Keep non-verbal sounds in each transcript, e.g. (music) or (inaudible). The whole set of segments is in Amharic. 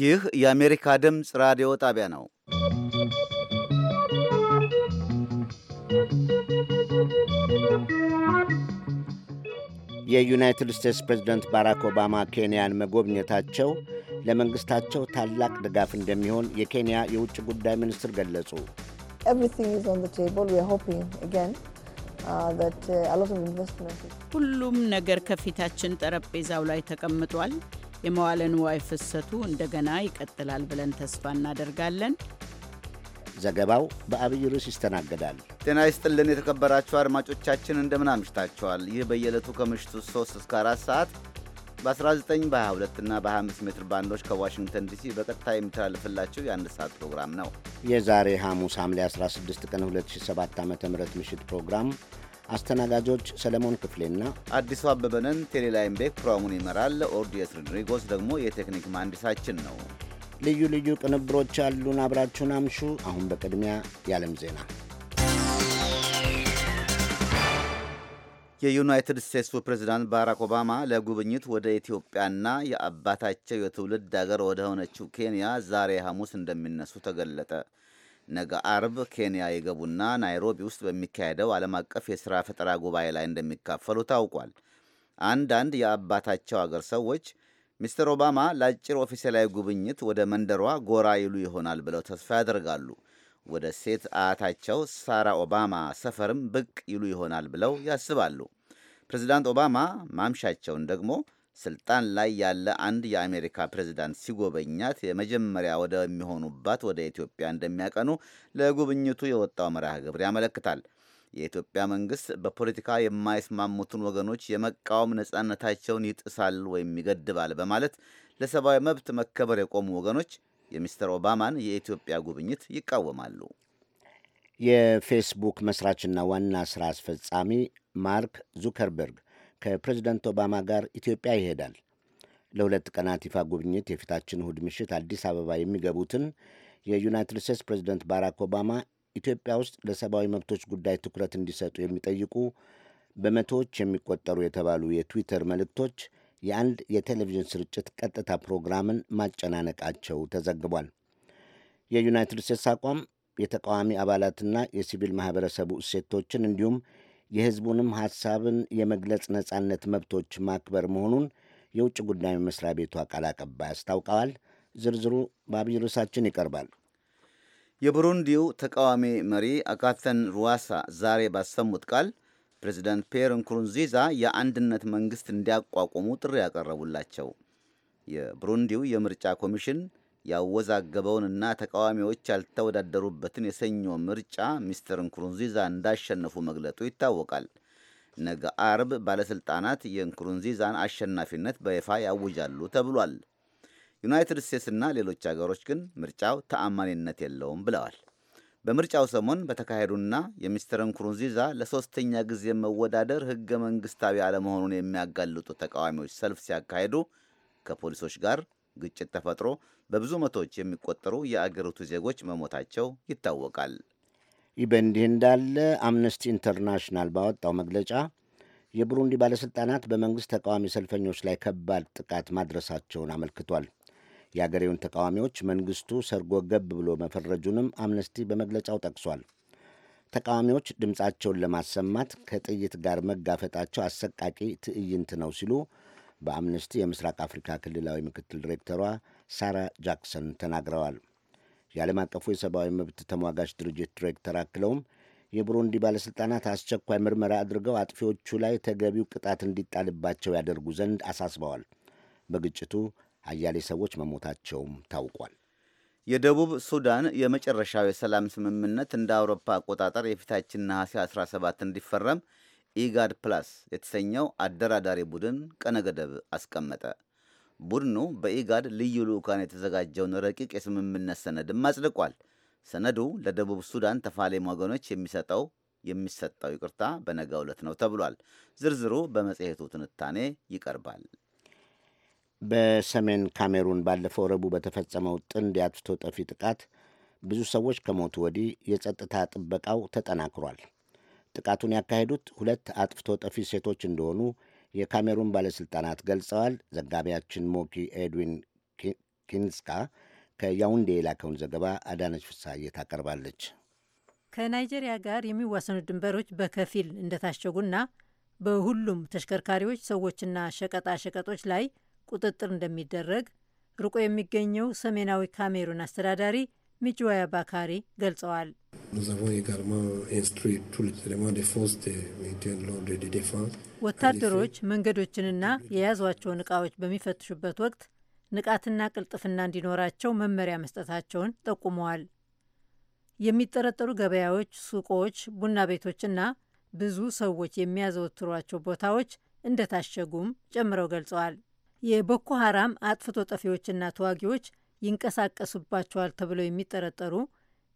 ይህ የአሜሪካ ድምፅ ራዲዮ ጣቢያ ነው። የዩናይትድ ስቴትስ ፕሬዝደንት ባራክ ኦባማ ኬንያን መጎብኘታቸው ለመንግሥታቸው ታላቅ ድጋፍ እንደሚሆን የኬንያ የውጭ ጉዳይ ሚኒስትር ገለጹ። Uh, uh, ሁሉም ነገር ከፊታችን ጠረጴዛው ላይ ተቀምጧል። የመዋለ ንዋይ ፍሰቱ እንደገና ይቀጥላል ብለን ተስፋ እናደርጋለን። ዘገባው በአብይ ርዕስ ይስተናገዳል። ጤና ይስጥልን የተከበራችሁ አድማጮቻችን እንደምን አምሽታችኋል። ይህ በየዕለቱ ከምሽቱ 3 እስከ 4 ሰዓት በ19 በ22 እና በ25 ሜትር ባንዶች ከዋሽንግተን ዲሲ በቀጥታ የሚተላለፍላቸው የአንድ ሰዓት ፕሮግራም ነው። የዛሬ ሐሙስ ሐምሌ 16 ቀን 2007 ዓ ም ምሽት ፕሮግራም አስተናጋጆች ሰለሞን ክፍሌና አዲሱ አበበንን። ቴሌላይም ቤክ ፕሮግራሙን ይመራል። ኦርዲየስ ሮድሪጎስ ደግሞ የቴክኒክ መሐንዲሳችን ነው። ልዩ ልዩ ቅንብሮች አሉን። አብራችሁን አምሹ። አሁን በቅድሚያ የዓለም ዜና የዩናይትድ ስቴትሱ ፕሬዝዳንት ባራክ ኦባማ ለጉብኝት ወደ ኢትዮጵያና የአባታቸው የትውልድ አገር ወደ ሆነችው ኬንያ ዛሬ ሐሙስ እንደሚነሱ ተገለጠ። ነገ አርብ ኬንያ የገቡና ናይሮቢ ውስጥ በሚካሄደው ዓለም አቀፍ የሥራ ፈጠራ ጉባኤ ላይ እንደሚካፈሉ ታውቋል። አንዳንድ የአባታቸው አገር ሰዎች ሚስተር ኦባማ ለአጭር ኦፊሴላዊ ጉብኝት ወደ መንደሯ ጎራ ይሉ ይሆናል ብለው ተስፋ ያደርጋሉ። ወደ ሴት አያታቸው ሳራ ኦባማ ሰፈርም ብቅ ይሉ ይሆናል ብለው ያስባሉ። ፕሬዚዳንት ኦባማ ማምሻቸውን ደግሞ ስልጣን ላይ ያለ አንድ የአሜሪካ ፕሬዚዳንት ሲጎበኛት የመጀመሪያ ወደሚሆኑባት ወደ ኢትዮጵያ እንደሚያቀኑ ለጉብኝቱ የወጣው መርሃ ግብር ያመለክታል። የኢትዮጵያ መንግስት በፖለቲካ የማይስማሙትን ወገኖች የመቃወም ነጻነታቸውን ይጥሳል ወይም ይገድባል በማለት ለሰብአዊ መብት መከበር የቆሙ ወገኖች የሚስተር ኦባማን የኢትዮጵያ ጉብኝት ይቃወማሉ። የፌስቡክ መስራችና ዋና ሥራ አስፈጻሚ ማርክ ዙከርበርግ ከፕሬዚደንት ኦባማ ጋር ኢትዮጵያ ይሄዳል። ለሁለት ቀናት ይፋ ጉብኝት የፊታችን እሁድ ምሽት አዲስ አበባ የሚገቡትን የዩናይትድ ስቴትስ ፕሬዚደንት ባራክ ኦባማ ኢትዮጵያ ውስጥ ለሰብአዊ መብቶች ጉዳይ ትኩረት እንዲሰጡ የሚጠይቁ በመቶዎች የሚቆጠሩ የተባሉ የትዊተር መልእክቶች የአንድ የቴሌቪዥን ስርጭት ቀጥታ ፕሮግራምን ማጨናነቃቸው ተዘግቧል። የዩናይትድ ስቴትስ አቋም የተቃዋሚ አባላትና የሲቪል ማኅበረሰቡ እሴቶችን እንዲሁም የሕዝቡንም ሐሳብን የመግለጽ ነጻነት መብቶች ማክበር መሆኑን የውጭ ጉዳይ መስሪያ ቤቷ ቃል አቀባይ አስታውቀዋል። ዝርዝሩ በአብይ ርዕሳችን ይቀርባል። የቡሩንዲው ተቃዋሚ መሪ አካተን ሩዋሳ ዛሬ ባሰሙት ቃል ፕሬዚዳንት ፒየር እንኩሩንዚዛ የአንድነት መንግስት እንዲያቋቁሙ ጥሪ ያቀረቡላቸው። የብሩንዲው የምርጫ ኮሚሽን ያወዛገበውንና ተቃዋሚዎች ያልተወዳደሩበትን የሰኞ ምርጫ ሚስተር እንኩሩንዚዛ እንዳሸነፉ መግለጡ ይታወቃል። ነገ አርብ ባለሥልጣናት የእንኩሩንዚዛን አሸናፊነት በይፋ ያውጃሉ ተብሏል። ዩናይትድ ስቴትስና ሌሎች አገሮች ግን ምርጫው ተአማኒነት የለውም ብለዋል። በምርጫው ሰሞን በተካሄዱና የሚስተር ንኩሩንዚዛ ለሶስተኛ ጊዜ መወዳደር ህገ መንግስታዊ አለመሆኑን የሚያጋልጡ ተቃዋሚዎች ሰልፍ ሲያካሂዱ ከፖሊሶች ጋር ግጭት ተፈጥሮ በብዙ መቶዎች የሚቆጠሩ የአገሪቱ ዜጎች መሞታቸው ይታወቃል። ይህ በእንዲህ እንዳለ አምነስቲ ኢንተርናሽናል ባወጣው መግለጫ የቡሩንዲ ባለሥልጣናት በመንግሥት ተቃዋሚ ሰልፈኞች ላይ ከባድ ጥቃት ማድረሳቸውን አመልክቷል። የአገሬውን ተቃዋሚዎች መንግስቱ ሰርጎ ገብ ብሎ መፈረጁንም አምነስቲ በመግለጫው ጠቅሷል። ተቃዋሚዎች ድምፃቸውን ለማሰማት ከጥይት ጋር መጋፈጣቸው አሰቃቂ ትዕይንት ነው ሲሉ በአምነስቲ የምስራቅ አፍሪካ ክልላዊ ምክትል ዲሬክተሯ ሳራ ጃክሰን ተናግረዋል። የዓለም አቀፉ የሰብአዊ መብት ተሟጋች ድርጅት ዲሬክተር አክለውም የቡሩንዲ ባለሥልጣናት አስቸኳይ ምርመራ አድርገው አጥፊዎቹ ላይ ተገቢው ቅጣት እንዲጣልባቸው ያደርጉ ዘንድ አሳስበዋል። በግጭቱ አያሌ ሰዎች መሞታቸውም ታውቋል። የደቡብ ሱዳን የመጨረሻው የሰላም ስምምነት እንደ አውሮፓ አቆጣጠር የፊታችን ነሐሴ 17 እንዲፈረም ኢጋድ ፕላስ የተሰኘው አደራዳሪ ቡድን ቀነ ገደብ አስቀመጠ። ቡድኑ በኢጋድ ልዩ ልዑካን የተዘጋጀውን ረቂቅ የስምምነት ሰነድም አጽድቋል። ሰነዱ ለደቡብ ሱዳን ተፋላሚ ወገኖች የሚሰጠው የሚሰጠው ይቅርታ በነገ ዕለት ነው ተብሏል። ዝርዝሩ በመጽሔቱ ትንታኔ ይቀርባል። በሰሜን ካሜሩን ባለፈው ረቡዕ በተፈጸመው ጥንድ የአጥፍቶ ጠፊ ጥቃት ብዙ ሰዎች ከሞቱ ወዲህ የጸጥታ ጥበቃው ተጠናክሯል። ጥቃቱን ያካሄዱት ሁለት አጥፍቶ ጠፊ ሴቶች እንደሆኑ የካሜሩን ባለሥልጣናት ገልጸዋል። ዘጋቢያችን ሞኪ ኤድዊን ኪንስካ ከያውንዴ የላከውን ዘገባ አዳነች ፍሳዬ ታቀርባለች። ከናይጄሪያ ጋር የሚዋሰኑ ድንበሮች በከፊል እንደታሸጉና በሁሉም ተሽከርካሪዎች፣ ሰዎችና ሸቀጣ ሸቀጦች ላይ ቁጥጥር እንደሚደረግ ርቆ የሚገኘው ሰሜናዊ ካሜሩን አስተዳዳሪ ሚጅዋያ ባካሪ ገልጸዋል። ወታደሮች መንገዶችንና የያዟቸውን እቃዎች በሚፈትሹበት ወቅት ንቃትና ቅልጥፍና እንዲኖራቸው መመሪያ መስጠታቸውን ጠቁመዋል። የሚጠረጠሩ ገበያዎች፣ ሱቆች፣ ቡና ቤቶችና ብዙ ሰዎች የሚያዘወትሯቸው ቦታዎች እንደታሸጉም ጨምረው ገልጸዋል። የቦኮ ሀራም አጥፍቶ ጠፊዎችና ተዋጊዎች ይንቀሳቀሱባቸዋል ተብለው የሚጠረጠሩ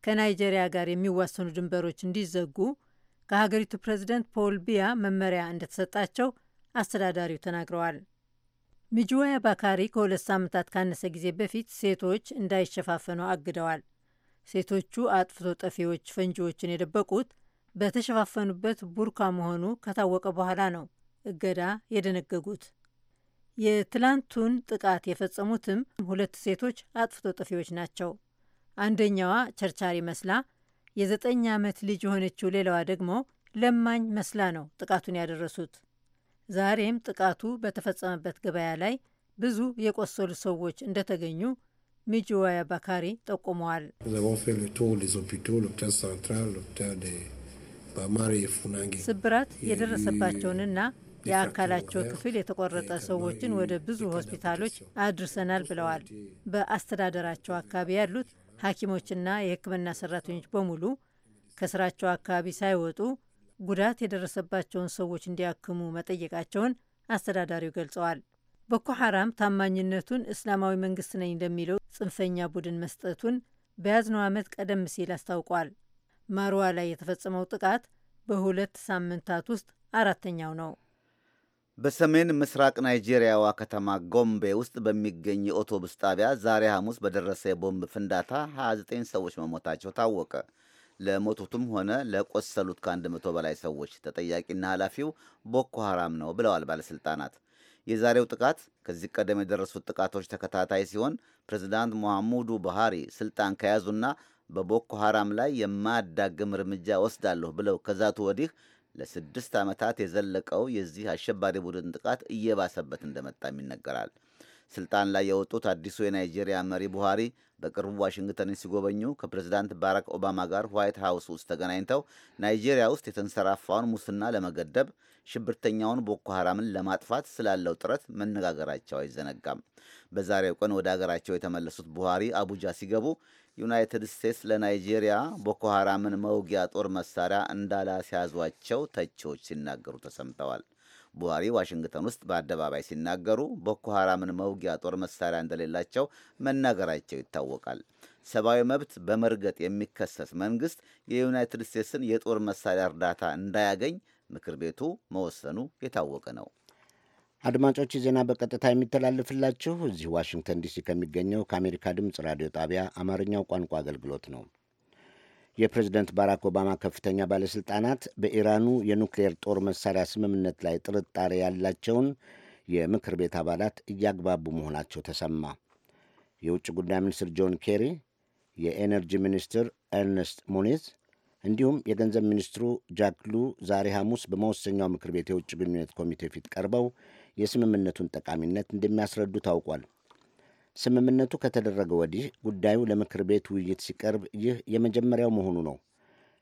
ከናይጄሪያ ጋር የሚዋሰኑ ድንበሮች እንዲዘጉ ከሀገሪቱ ፕሬዚደንት ፖል ቢያ መመሪያ እንደተሰጣቸው አስተዳዳሪው ተናግረዋል። ምጅዋያ ባካሪ ከሁለት ሳምንታት ካነሰ ጊዜ በፊት ሴቶች እንዳይሸፋፈኑ አግደዋል። ሴቶቹ አጥፍቶ ጠፊዎች ፈንጂዎችን የደበቁት በተሸፋፈኑበት ቡርካ መሆኑ ከታወቀ በኋላ ነው እገዳ የደነገጉት። የትላንቱን ጥቃት የፈጸሙትም ሁለት ሴቶች አጥፍቶ ጠፊዎች ናቸው። አንደኛዋ ቸርቻሪ መስላ፣ የዘጠኝ ዓመት ልጅ የሆነችው ሌላዋ ደግሞ ለማኝ መስላ ነው ጥቃቱን ያደረሱት። ዛሬም ጥቃቱ በተፈጸመበት ገበያ ላይ ብዙ የቆሰሉ ሰዎች እንደተገኙ ሚጅዋያ ባካሪ ጠቁመዋል። ስብራት የደረሰባቸውንና የአካላቸው ክፍል የተቆረጠ ሰዎችን ወደ ብዙ ሆስፒታሎች አድርሰናል ብለዋል። በአስተዳደራቸው አካባቢ ያሉት ሐኪሞችና የሕክምና ሰራተኞች በሙሉ ከስራቸው አካባቢ ሳይወጡ ጉዳት የደረሰባቸውን ሰዎች እንዲያክሙ መጠየቃቸውን አስተዳዳሪው ገልጸዋል። ቦኮ ሐራም ታማኝነቱን እስላማዊ መንግስት ነኝ እንደሚለው ጽንፈኛ ቡድን መስጠቱን በያዝነው ዓመት ቀደም ሲል አስታውቋል። ማሩዋ ላይ የተፈጸመው ጥቃት በሁለት ሳምንታት ውስጥ አራተኛው ነው። በሰሜን ምስራቅ ናይጄሪያዋ ከተማ ጎምቤ ውስጥ በሚገኝ የኦቶቡስ ጣቢያ ዛሬ ሐሙስ በደረሰ የቦምብ ፍንዳታ 29 ሰዎች መሞታቸው ታወቀ። ለሞቱትም ሆነ ለቆሰሉት ከ100 በላይ ሰዎች ተጠያቂና ኃላፊው ቦኮ ሐራም ነው ብለዋል ባለሥልጣናት። የዛሬው ጥቃት ከዚህ ቀደም የደረሱት ጥቃቶች ተከታታይ ሲሆን ፕሬዚዳንት ሞሐሙዱ ቡሃሪ ስልጣን ከያዙና በቦኮ ሐራም ላይ የማያዳግም እርምጃ ወስዳለሁ ብለው ከዛቱ ወዲህ ለስድስት ዓመታት የዘለቀው የዚህ አሸባሪ ቡድን ጥቃት እየባሰበት እንደመጣም ይነገራል። ስልጣን ላይ የወጡት አዲሱ የናይጄሪያ መሪ ቡሃሪ በቅርቡ ዋሽንግተንን ሲጎበኙ ከፕሬዚዳንት ባራክ ኦባማ ጋር ዋይት ሀውስ ውስጥ ተገናኝተው ናይጄሪያ ውስጥ የተንሰራፋውን ሙስና ለመገደብ ሽብርተኛውን ቦኮ ሀራምን ለማጥፋት ስላለው ጥረት መነጋገራቸው አይዘነጋም። በዛሬው ቀን ወደ አገራቸው የተመለሱት ቡሃሪ አቡጃ ሲገቡ ዩናይትድ ስቴትስ ለናይጄሪያ ቦኮ ሃራምን መውጊያ ጦር መሳሪያ እንዳላስያዟቸው ተቺዎች ሲናገሩ ተሰምተዋል። ቡሃሪ ዋሽንግተን ውስጥ በአደባባይ ሲናገሩ ቦኮ ሃራምን መውጊያ ጦር መሳሪያ እንደሌላቸው መናገራቸው ይታወቃል። ሰብአዊ መብት በመርገጥ የሚከሰስ መንግስት የዩናይትድ ስቴትስን የጦር መሳሪያ እርዳታ እንዳያገኝ ምክር ቤቱ መወሰኑ የታወቀ ነው። አድማጮች ዜና በቀጥታ የሚተላለፍላችሁ እዚህ ዋሽንግተን ዲሲ ከሚገኘው ከአሜሪካ ድምፅ ራዲዮ ጣቢያ አማርኛው ቋንቋ አገልግሎት ነው። የፕሬዝደንት ባራክ ኦባማ ከፍተኛ ባለሥልጣናት በኢራኑ የኑክሌር ጦር መሳሪያ ስምምነት ላይ ጥርጣሬ ያላቸውን የምክር ቤት አባላት እያግባቡ መሆናቸው ተሰማ። የውጭ ጉዳይ ሚኒስትር ጆን ኬሪ፣ የኤነርጂ ሚኒስትር ኤርነስት ሙኒዝ እንዲሁም የገንዘብ ሚኒስትሩ ጃክ ዛሬ ሐሙስ በመወሰኛው ምክር ቤት የውጭ ግንኙነት ኮሚቴ ፊት ቀርበው የስምምነቱን ጠቃሚነት እንደሚያስረዱ ታውቋል። ስምምነቱ ከተደረገ ወዲህ ጉዳዩ ለምክር ቤት ውይይት ሲቀርብ ይህ የመጀመሪያው መሆኑ ነው።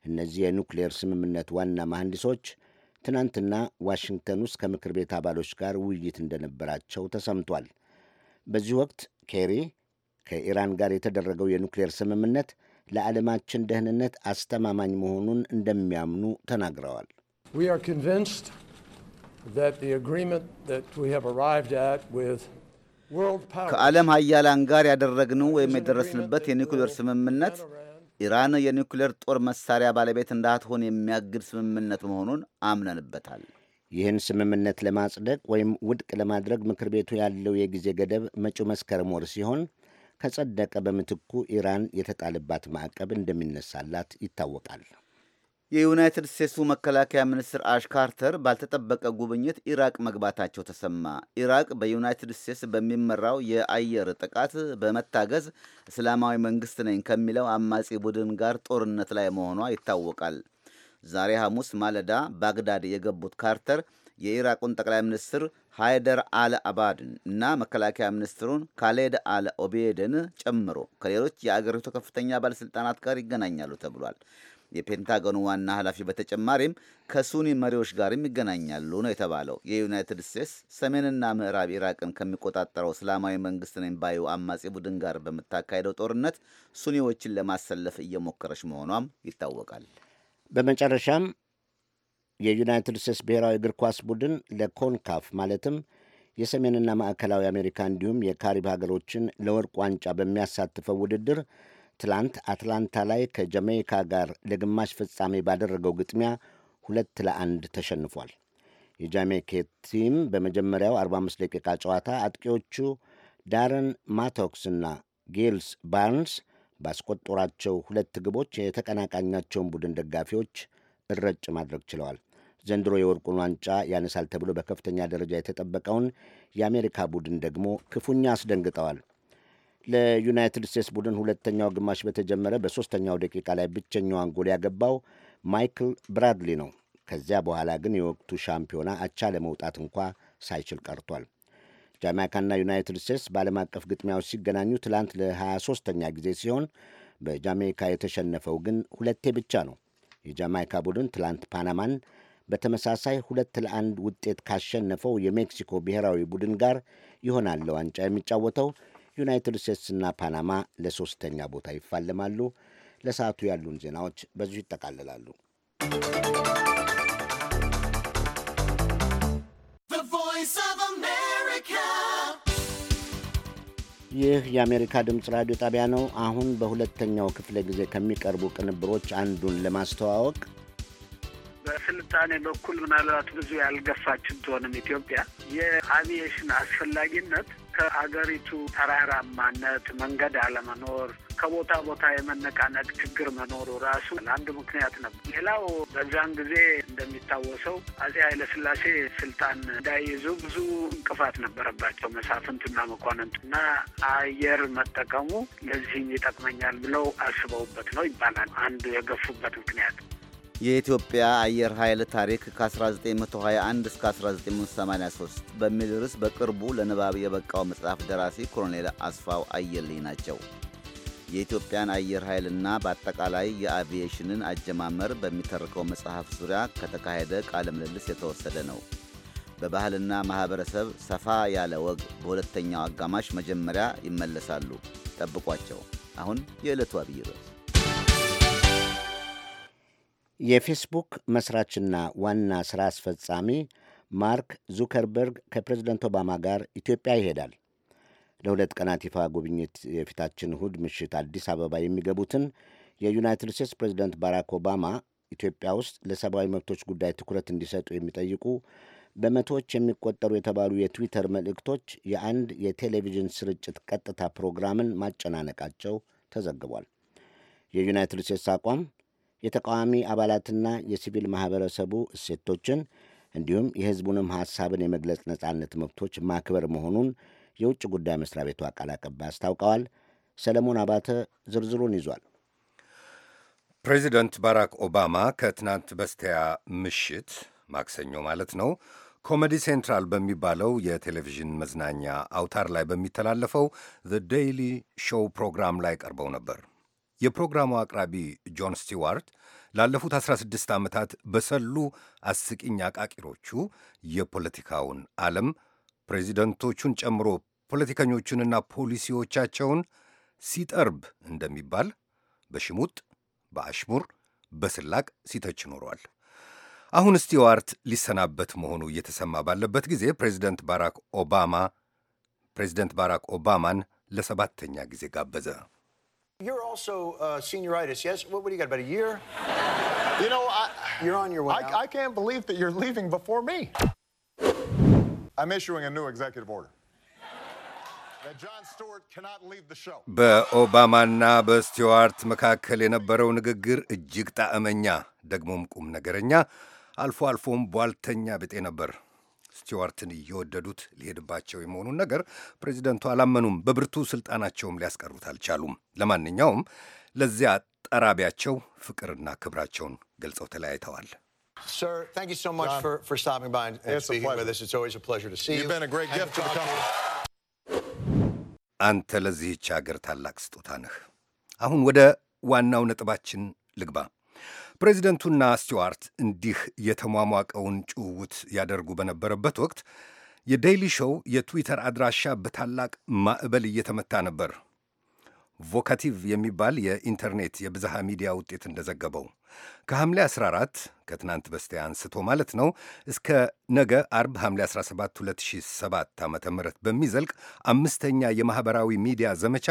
እነዚህ የኑክሌር ስምምነት ዋና መሐንዲሶች ትናንትና ዋሽንግተን ውስጥ ከምክር ቤት አባሎች ጋር ውይይት እንደነበራቸው ተሰምቷል። በዚህ ወቅት ኬሪ ከኢራን ጋር የተደረገው የኑክሌር ስምምነት ለዓለማችን ደህንነት አስተማማኝ መሆኑን እንደሚያምኑ ተናግረዋል። ከዓለም ሀያላን ጋር ያደረግነው ወይም የደረስንበት የኒኩሌር ስምምነት ኢራን የኒኩሌር ጦር መሳሪያ ባለቤት እንዳትሆን የሚያግድ ስምምነት መሆኑን አምነንበታል። ይህን ስምምነት ለማጽደቅ ወይም ውድቅ ለማድረግ ምክር ቤቱ ያለው የጊዜ ገደብ መጪው መስከረም ወር ሲሆን ከጸደቀ በምትኩ ኢራን የተጣለባት ማዕቀብ እንደሚነሳላት ይታወቃል። የዩናይትድ ስቴትሱ መከላከያ ሚኒስትር አሽ ካርተር ባልተጠበቀ ጉብኝት ኢራቅ መግባታቸው ተሰማ። ኢራቅ በዩናይትድ ስቴትስ በሚመራው የአየር ጥቃት በመታገዝ እስላማዊ መንግስት ነኝ ከሚለው አማጺ ቡድን ጋር ጦርነት ላይ መሆኗ ይታወቃል። ዛሬ ሐሙስ ማለዳ ባግዳድ የገቡት ካርተር የኢራቁን ጠቅላይ ሚኒስትር ሃይደር አል አባድን እና መከላከያ ሚኒስትሩን ካሌድ አል ኦቤድን ጨምሮ ከሌሎች የአገሪቱ ከፍተኛ ባለሥልጣናት ጋር ይገናኛሉ ተብሏል። የፔንታጎን ዋና ኃላፊ በተጨማሪም ከሱኒ መሪዎች ጋርም ይገናኛሉ ነው የተባለው። የዩናይትድ ስቴትስ ሰሜንና ምዕራብ ኢራቅን ከሚቆጣጠረው እስላማዊ መንግስት ነኝ ባዩ አማጺ ቡድን ጋር በምታካሄደው ጦርነት ሱኒዎችን ለማሰለፍ እየሞከረች መሆኗም ይታወቃል። በመጨረሻም የዩናይትድ ስቴትስ ብሔራዊ እግር ኳስ ቡድን ለኮንካፍ ማለትም የሰሜንና ማዕከላዊ አሜሪካ እንዲሁም የካሪብ ሀገሮችን ለወርቅ ዋንጫ በሚያሳትፈው ውድድር ትላንት አትላንታ ላይ ከጃሜይካ ጋር ለግማሽ ፍጻሜ ባደረገው ግጥሚያ ሁለት ለአንድ ተሸንፏል። የጃሜይካ ቲም በመጀመሪያው 45 ደቂቃ ጨዋታ አጥቂዎቹ ዳረን ማቶክስ እና ጌልስ ባርንስ ባስቆጠሯቸው ሁለት ግቦች የተቀናቃኛቸውን ቡድን ደጋፊዎች እረጭ ማድረግ ችለዋል። ዘንድሮ የወርቁን ዋንጫ ያነሳል ተብሎ በከፍተኛ ደረጃ የተጠበቀውን የአሜሪካ ቡድን ደግሞ ክፉኛ አስደንግጠዋል። ለዩናይትድ ስቴትስ ቡድን ሁለተኛው ግማሽ በተጀመረ በሦስተኛው ደቂቃ ላይ ብቸኛዋን ጎል ያገባው ማይክል ብራድሊ ነው። ከዚያ በኋላ ግን የወቅቱ ሻምፒዮና አቻ ለመውጣት እንኳ ሳይችል ቀርቷል። ጃማይካና ዩናይትድ ስቴትስ በዓለም አቀፍ ግጥሚያዎች ሲገናኙ ትላንት ለ23ኛ ጊዜ ሲሆን በጃሜይካ የተሸነፈው ግን ሁለቴ ብቻ ነው። የጃማይካ ቡድን ትላንት ፓናማን በተመሳሳይ ሁለት ለአንድ ውጤት ካሸነፈው የሜክሲኮ ብሔራዊ ቡድን ጋር ይሆናል ለዋንጫ የሚጫወተው። ዩናይትድ ስቴትስና ፓናማ ለሶስተኛ ቦታ ይፋለማሉ። ለሰዓቱ ያሉን ዜናዎች በዚሁ ይጠቃልላሉ። ይህ የአሜሪካ ድምፅ ራዲዮ ጣቢያ ነው። አሁን በሁለተኛው ክፍለ ጊዜ ከሚቀርቡ ቅንብሮች አንዱን ለማስተዋወቅ በስልጣኔ በኩል ምናልባት ብዙ ያልገፋችን ትሆንም ኢትዮጵያ የአቪዬሽን አስፈላጊነት ከአገሪቱ ተራራማነት፣ መንገድ አለመኖር፣ ከቦታ ቦታ የመነቃነቅ ችግር መኖሩ ራሱ አንድ ምክንያት ነበር። ሌላው በዛን ጊዜ እንደሚታወሰው አጼ ኃይለስላሴ ስልጣን እንዳይይዙ ብዙ እንቅፋት ነበረባቸው መሳፍንትና መኳንንት እና አየር መጠቀሙ ለዚህም ይጠቅመኛል ብለው አስበውበት ነው ይባላል። አንዱ የገፉበት ምክንያት የኢትዮጵያ አየር ኃይል ታሪክ ከ1921 እስከ 1983 በሚል ርዕስ በቅርቡ ለንባብ የበቃው መጽሐፍ ደራሲ ኮሎኔል አስፋው አየልኝ ናቸው። የኢትዮጵያን አየር ኃይልና በአጠቃላይ የአቪዬሽንን አጀማመር በሚተርከው መጽሐፍ ዙሪያ ከተካሄደ ቃለ ምልልስ የተወሰደ ነው። በባህልና ማኅበረሰብ ሰፋ ያለ ወግ በሁለተኛው አጋማሽ መጀመሪያ ይመለሳሉ። ጠብቋቸው። አሁን የዕለቱ አብይ ርዕስ የፌስቡክ መስራችና ዋና ሥራ አስፈጻሚ ማርክ ዙከርበርግ ከፕሬዝደንት ኦባማ ጋር ኢትዮጵያ ይሄዳል። ለሁለት ቀናት ይፋ ጉብኝት የፊታችን እሁድ ምሽት አዲስ አበባ የሚገቡትን የዩናይትድ ስቴትስ ፕሬዝደንት ባራክ ኦባማ ኢትዮጵያ ውስጥ ለሰብአዊ መብቶች ጉዳይ ትኩረት እንዲሰጡ የሚጠይቁ በመቶዎች የሚቆጠሩ የተባሉ የትዊተር መልእክቶች የአንድ የቴሌቪዥን ስርጭት ቀጥታ ፕሮግራምን ማጨናነቃቸው ተዘግቧል። የዩናይትድ ስቴትስ አቋም የተቃዋሚ አባላትና የሲቪል ማኅበረሰቡ እሴቶችን እንዲሁም የሕዝቡንም ሐሳብን የመግለጽ ነጻነት መብቶች ማክበር መሆኑን የውጭ ጉዳይ መስሪያ ቤቱ ቃል አቀባይ አስታውቀዋል። ሰለሞን አባተ ዝርዝሩን ይዟል። ፕሬዚደንት ባራክ ኦባማ ከትናንት በስቲያ ምሽት ማክሰኞ ማለት ነው ኮሜዲ ሴንትራል በሚባለው የቴሌቪዥን መዝናኛ አውታር ላይ በሚተላለፈው ዘ ዴይሊ ሾው ፕሮግራም ላይ ቀርበው ነበር። የፕሮግራሙ አቅራቢ ጆን ስቲዋርት ላለፉት 16 ዓመታት በሰሉ አስቂኝ አቃቂሮቹ የፖለቲካውን ዓለም ፕሬዚደንቶቹን ጨምሮ ፖለቲከኞቹንና ፖሊሲዎቻቸውን ሲጠርብ እንደሚባል በሽሙጥ፣ በአሽሙር፣ በስላቅ ሲተች ኖሯል። አሁን ስቲዋርት ሊሰናበት መሆኑ እየተሰማ ባለበት ጊዜ ፕሬዚደንት ባራክ ኦባማ ፕሬዚደንት ባራክ ኦባማን ለሰባተኛ ጊዜ ጋበዘ። You're also uh, senioritis, yes? What, what do you got, about a year? you know, I, you're on your way. I, out. I can't believe that you're leaving before me. I'm issuing a new executive order. በኦባማና በስቲዋርት መካከል የነበረው ንግግር እጅግ ጣዕመኛ ደግሞም ቁም ነገረኛ አልፎ አልፎም ቧልተኛ ብጤ ነበር። ስቲዋርትን እየወደዱት ሊሄድባቸው የመሆኑን ነገር ፕሬዚደንቱ አላመኑም። በብርቱ ስልጣናቸውም ሊያስቀሩት አልቻሉም። ለማንኛውም ለዚያ ጠራቢያቸው ፍቅርና ክብራቸውን ገልጸው ተለያይተዋል። አንተ ለዚህች አገር ታላቅ ስጦታ ነህ። አሁን ወደ ዋናው ነጥባችን ልግባ። ፕሬዚደንቱና ስቲዋርት እንዲህ የተሟሟቀውን ጭውውት ያደርጉ በነበረበት ወቅት የዴይሊ ሾው የትዊተር አድራሻ በታላቅ ማዕበል እየተመታ ነበር። ቮካቲቭ የሚባል የኢንተርኔት የብዝሃ ሚዲያ ውጤት እንደዘገበው ከሐምሌ 14 ከትናንት በስቲያ አንስቶ ማለት ነው እስከ ነገ አርብ ሐምሌ 17 2007 ዓ ም በሚዘልቅ አምስተኛ የማኅበራዊ ሚዲያ ዘመቻ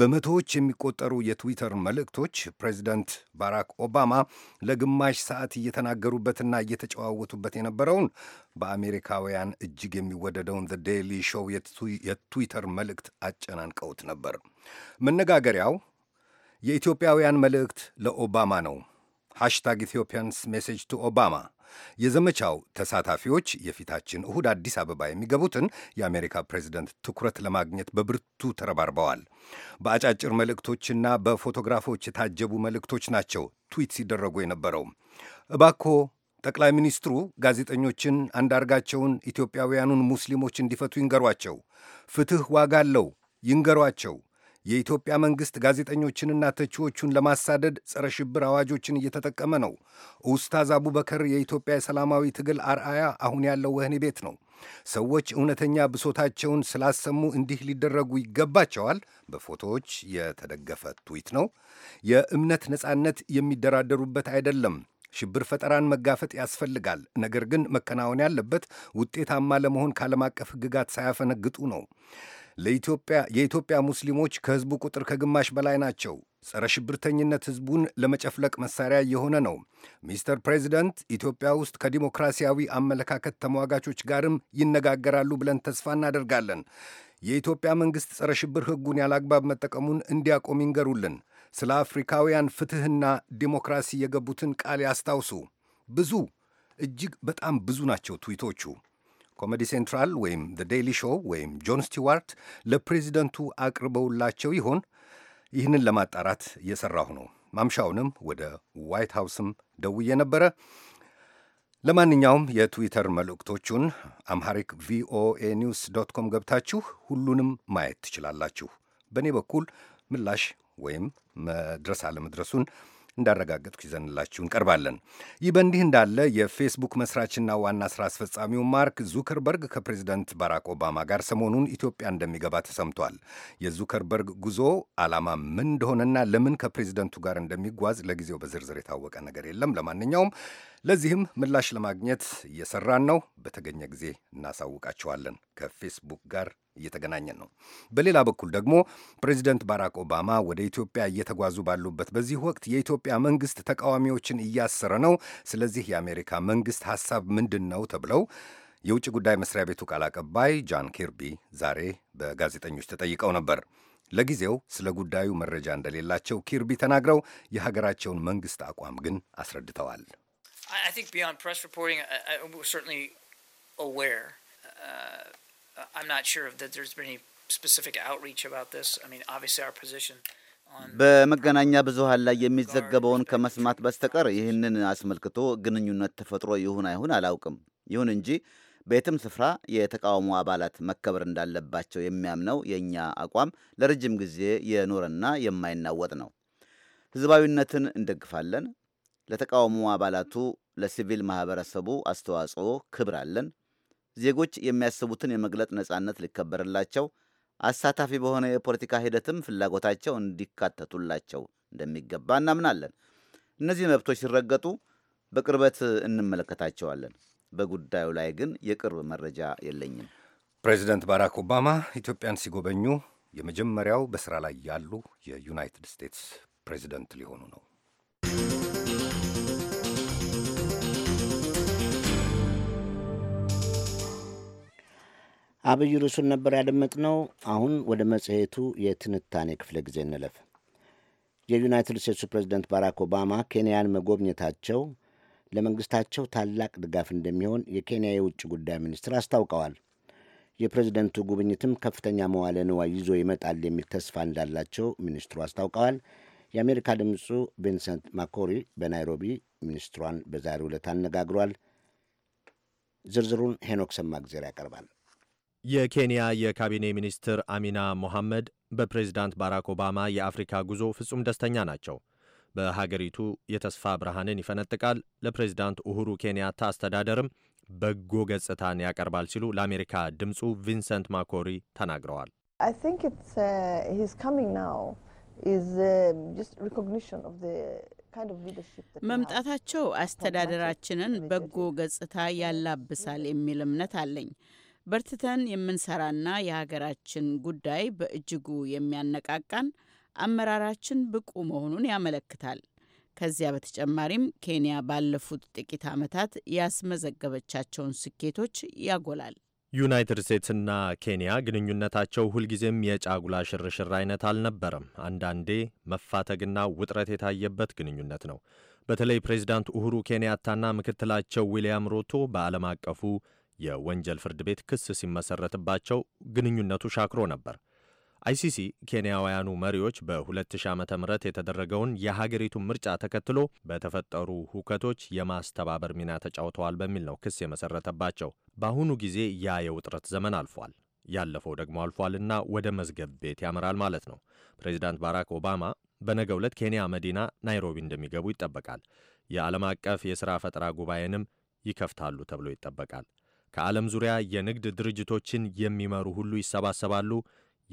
በመቶዎች የሚቆጠሩ የትዊተር መልእክቶች ፕሬዚደንት ባራክ ኦባማ ለግማሽ ሰዓት እየተናገሩበትና እየተጨዋወቱበት የነበረውን በአሜሪካውያን እጅግ የሚወደደውን ዘ ዴይሊ ሾው የትዊተር መልእክት አጨናንቀውት ነበር። መነጋገሪያው የኢትዮጵያውያን መልእክት ለኦባማ ነው። ሃሽታግ ኢትዮፒያንስ ሜሴጅ ቱ ኦባማ የዘመቻው ተሳታፊዎች የፊታችን እሁድ አዲስ አበባ የሚገቡትን የአሜሪካ ፕሬዚደንት ትኩረት ለማግኘት በብርቱ ተረባርበዋል። በአጫጭር መልእክቶችና በፎቶግራፎች የታጀቡ መልእክቶች ናቸው ትዊት ሲደረጉ የነበረው። እባኮ ጠቅላይ ሚኒስትሩ ጋዜጠኞችን፣ አንዳርጋቸውን፣ ኢትዮጵያውያኑን ሙስሊሞች እንዲፈቱ ይንገሯቸው። ፍትሕ ዋጋ አለው፣ ይንገሯቸው የኢትዮጵያ መንግሥት ጋዜጠኞችንና ተቺዎቹን ለማሳደድ ጸረ ሽብር አዋጆችን እየተጠቀመ ነው። ኡስታዝ አቡበከር የኢትዮጵያ የሰላማዊ ትግል አርአያ አሁን ያለው ወህኒ ቤት ነው። ሰዎች እውነተኛ ብሶታቸውን ስላሰሙ እንዲህ ሊደረጉ ይገባቸዋል። በፎቶዎች የተደገፈ ትዊት ነው። የእምነት ነጻነት የሚደራደሩበት አይደለም። ሽብር ፈጠራን መጋፈጥ ያስፈልጋል። ነገር ግን መከናወን ያለበት ውጤታማ ለመሆን ከዓለም አቀፍ ሕግጋት ሳያፈነግጡ ነው። የኢትዮጵያ ሙስሊሞች ከሕዝቡ ቁጥር ከግማሽ በላይ ናቸው። ጸረ ሽብርተኝነት ሕዝቡን ለመጨፍለቅ መሳሪያ እየሆነ ነው። ሚስተር ፕሬዚደንት ኢትዮጵያ ውስጥ ከዲሞክራሲያዊ አመለካከት ተሟጋቾች ጋርም ይነጋገራሉ ብለን ተስፋ እናደርጋለን። የኢትዮጵያ መንግሥት ጸረ ሽብር ሕጉን ያላግባብ መጠቀሙን እንዲያቆም ይንገሩልን። ስለ አፍሪካውያን ፍትሕና ዲሞክራሲ የገቡትን ቃል ያስታውሱ። ብዙ እጅግ በጣም ብዙ ናቸው ትዊቶቹ። ኮሜዲ ሴንትራል ወይም ዘ ዴይሊ ሾው ወይም ጆን ስቲዋርት ለፕሬዚደንቱ አቅርበውላቸው ይሆን? ይህንን ለማጣራት እየሠራሁ ነው። ማምሻውንም ወደ ዋይት ሃውስም ደውዬ ነበረ። ለማንኛውም የትዊተር መልእክቶቹን አምሐሪክ ቪኦኤ ኒውስ ዶት ኮም ገብታችሁ ሁሉንም ማየት ትችላላችሁ። በእኔ በኩል ምላሽ ወይም መድረስ አለመድረሱን እንዳረጋገጥኩ ይዘንላችሁ እንቀርባለን። ይህ በእንዲህ እንዳለ የፌስቡክ መስራችና ዋና ስራ አስፈጻሚው ማርክ ዙከርበርግ ከፕሬዚደንት ባራክ ኦባማ ጋር ሰሞኑን ኢትዮጵያ እንደሚገባ ተሰምቷል። የዙከርበርግ ጉዞ ዓላማ ምን እንደሆነና ለምን ከፕሬዚደንቱ ጋር እንደሚጓዝ ለጊዜው በዝርዝር የታወቀ ነገር የለም። ለማንኛውም ለዚህም ምላሽ ለማግኘት እየሰራን ነው። በተገኘ ጊዜ እናሳውቃችኋለን። ከፌስቡክ ጋር እየተገናኘን ነው። በሌላ በኩል ደግሞ ፕሬዚደንት ባራክ ኦባማ ወደ ኢትዮጵያ እየተጓዙ ባሉበት በዚህ ወቅት የኢትዮጵያ መንግስት ተቃዋሚዎችን እያሰረ ነው፣ ስለዚህ የአሜሪካ መንግስት ሐሳብ ምንድን ነው ተብለው የውጭ ጉዳይ መስሪያ ቤቱ ቃል አቀባይ ጃን ኪርቢ ዛሬ በጋዜጠኞች ተጠይቀው ነበር። ለጊዜው ስለ ጉዳዩ መረጃ እንደሌላቸው ኪርቢ ተናግረው የሀገራቸውን መንግስት አቋም ግን አስረድተዋል። I, I think beyond press reporting, I, I, we're certainly aware. Uh, I'm not sure that there's been any specific outreach about this. I mean, obviously our position. በመገናኛ ብዙሃን ላይ የሚዘገበውን ከመስማት በስተቀር ይህንን አስመልክቶ ግንኙነት ተፈጥሮ ይሁን አይሁን አላውቅም። ይሁን እንጂ በየትም ስፍራ የተቃውሞ አባላት መከበር እንዳለባቸው የሚያምነው የእኛ አቋም ለረጅም ጊዜ የኖረና የማይናወጥ ነው። ህዝባዊነትን እንደግፋለን፣ ለተቃውሞ አባላቱ፣ ለሲቪል ማህበረሰቡ አስተዋጽኦ ክብር አለን። ዜጎች የሚያስቡትን የመግለጥ ነጻነት ሊከበርላቸው፣ አሳታፊ በሆነ የፖለቲካ ሂደትም ፍላጎታቸው እንዲካተቱላቸው እንደሚገባ እናምናለን። እነዚህ መብቶች ሲረገጡ በቅርበት እንመለከታቸዋለን። በጉዳዩ ላይ ግን የቅርብ መረጃ የለኝም። ፕሬዚደንት ባራክ ኦባማ ኢትዮጵያን ሲጎበኙ የመጀመሪያው በስራ ላይ ያሉ የዩናይትድ ስቴትስ ፕሬዚደንት ሊሆኑ ነው። አብይ ርዕሱን ነበር ያደመጥነው። አሁን ወደ መጽሔቱ የትንታኔ ክፍለ ጊዜ እንለፍ። የዩናይትድ ስቴትሱ ፕሬዚደንት ባራክ ኦባማ ኬንያን መጎብኘታቸው ለመንግሥታቸው ታላቅ ድጋፍ እንደሚሆን የኬንያ የውጭ ጉዳይ ሚኒስትር አስታውቀዋል። የፕሬዚደንቱ ጉብኝትም ከፍተኛ መዋለ ንዋይ ይዞ ይመጣል የሚል ተስፋ እንዳላቸው ሚኒስትሩ አስታውቀዋል። የአሜሪካ ድምፁ ቪንሰንት ማኮሪ በናይሮቢ ሚኒስትሯን በዛሬው ዕለት አነጋግሯል። ዝርዝሩን ሄኖክ ሰማግዜር ያቀርባል። የኬንያ የካቢኔ ሚኒስትር አሚና ሞሐመድ በፕሬዝዳንት ባራክ ኦባማ የአፍሪካ ጉዞ ፍጹም ደስተኛ ናቸው። በሀገሪቱ የተስፋ ብርሃንን ይፈነጥቃል፣ ለፕሬዝዳንት ኡሁሩ ኬንያታ አስተዳደርም በጎ ገጽታን ያቀርባል ሲሉ ለአሜሪካ ድምፁ ቪንሰንት ማኮሪ ተናግረዋል። uh, uh, መምጣታቸው አስተዳደራችንን በጎ ገጽታ ያላብሳል የሚል እምነት አለኝ። በርትተን የምንሰራና የሀገራችን ጉዳይ በእጅጉ የሚያነቃቃን አመራራችን ብቁ መሆኑን ያመለክታል። ከዚያ በተጨማሪም ኬንያ ባለፉት ጥቂት ዓመታት ያስመዘገበቻቸውን ስኬቶች ያጎላል። ዩናይትድ ስቴትስና ኬንያ ግንኙነታቸው ሁልጊዜም የጫጉላ ሽርሽር አይነት አልነበረም። አንዳንዴ መፋተግና ውጥረት የታየበት ግንኙነት ነው። በተለይ ፕሬዚዳንት ኡሁሩ ኬንያታና ምክትላቸው ዊልያም ሮቶ በዓለም አቀፉ የወንጀል ፍርድ ቤት ክስ ሲመሰረትባቸው ግንኙነቱ ሻክሮ ነበር። አይሲሲ ኬንያውያኑ መሪዎች በ2000 ዓ ም የተደረገውን የሀገሪቱን ምርጫ ተከትሎ በተፈጠሩ ሁከቶች የማስተባበር ሚና ተጫውተዋል በሚል ነው ክስ የመሰረተባቸው። በአሁኑ ጊዜ ያ የውጥረት ዘመን አልፏል። ያለፈው ደግሞ አልፏልና ወደ መዝገብ ቤት ያመራል ማለት ነው። ፕሬዚዳንት ባራክ ኦባማ በነገ ዕለት ኬንያ መዲና ናይሮቢ እንደሚገቡ ይጠበቃል። የዓለም አቀፍ የሥራ ፈጠራ ጉባኤንም ይከፍታሉ ተብሎ ይጠበቃል። ከዓለም ዙሪያ የንግድ ድርጅቶችን የሚመሩ ሁሉ ይሰባሰባሉ።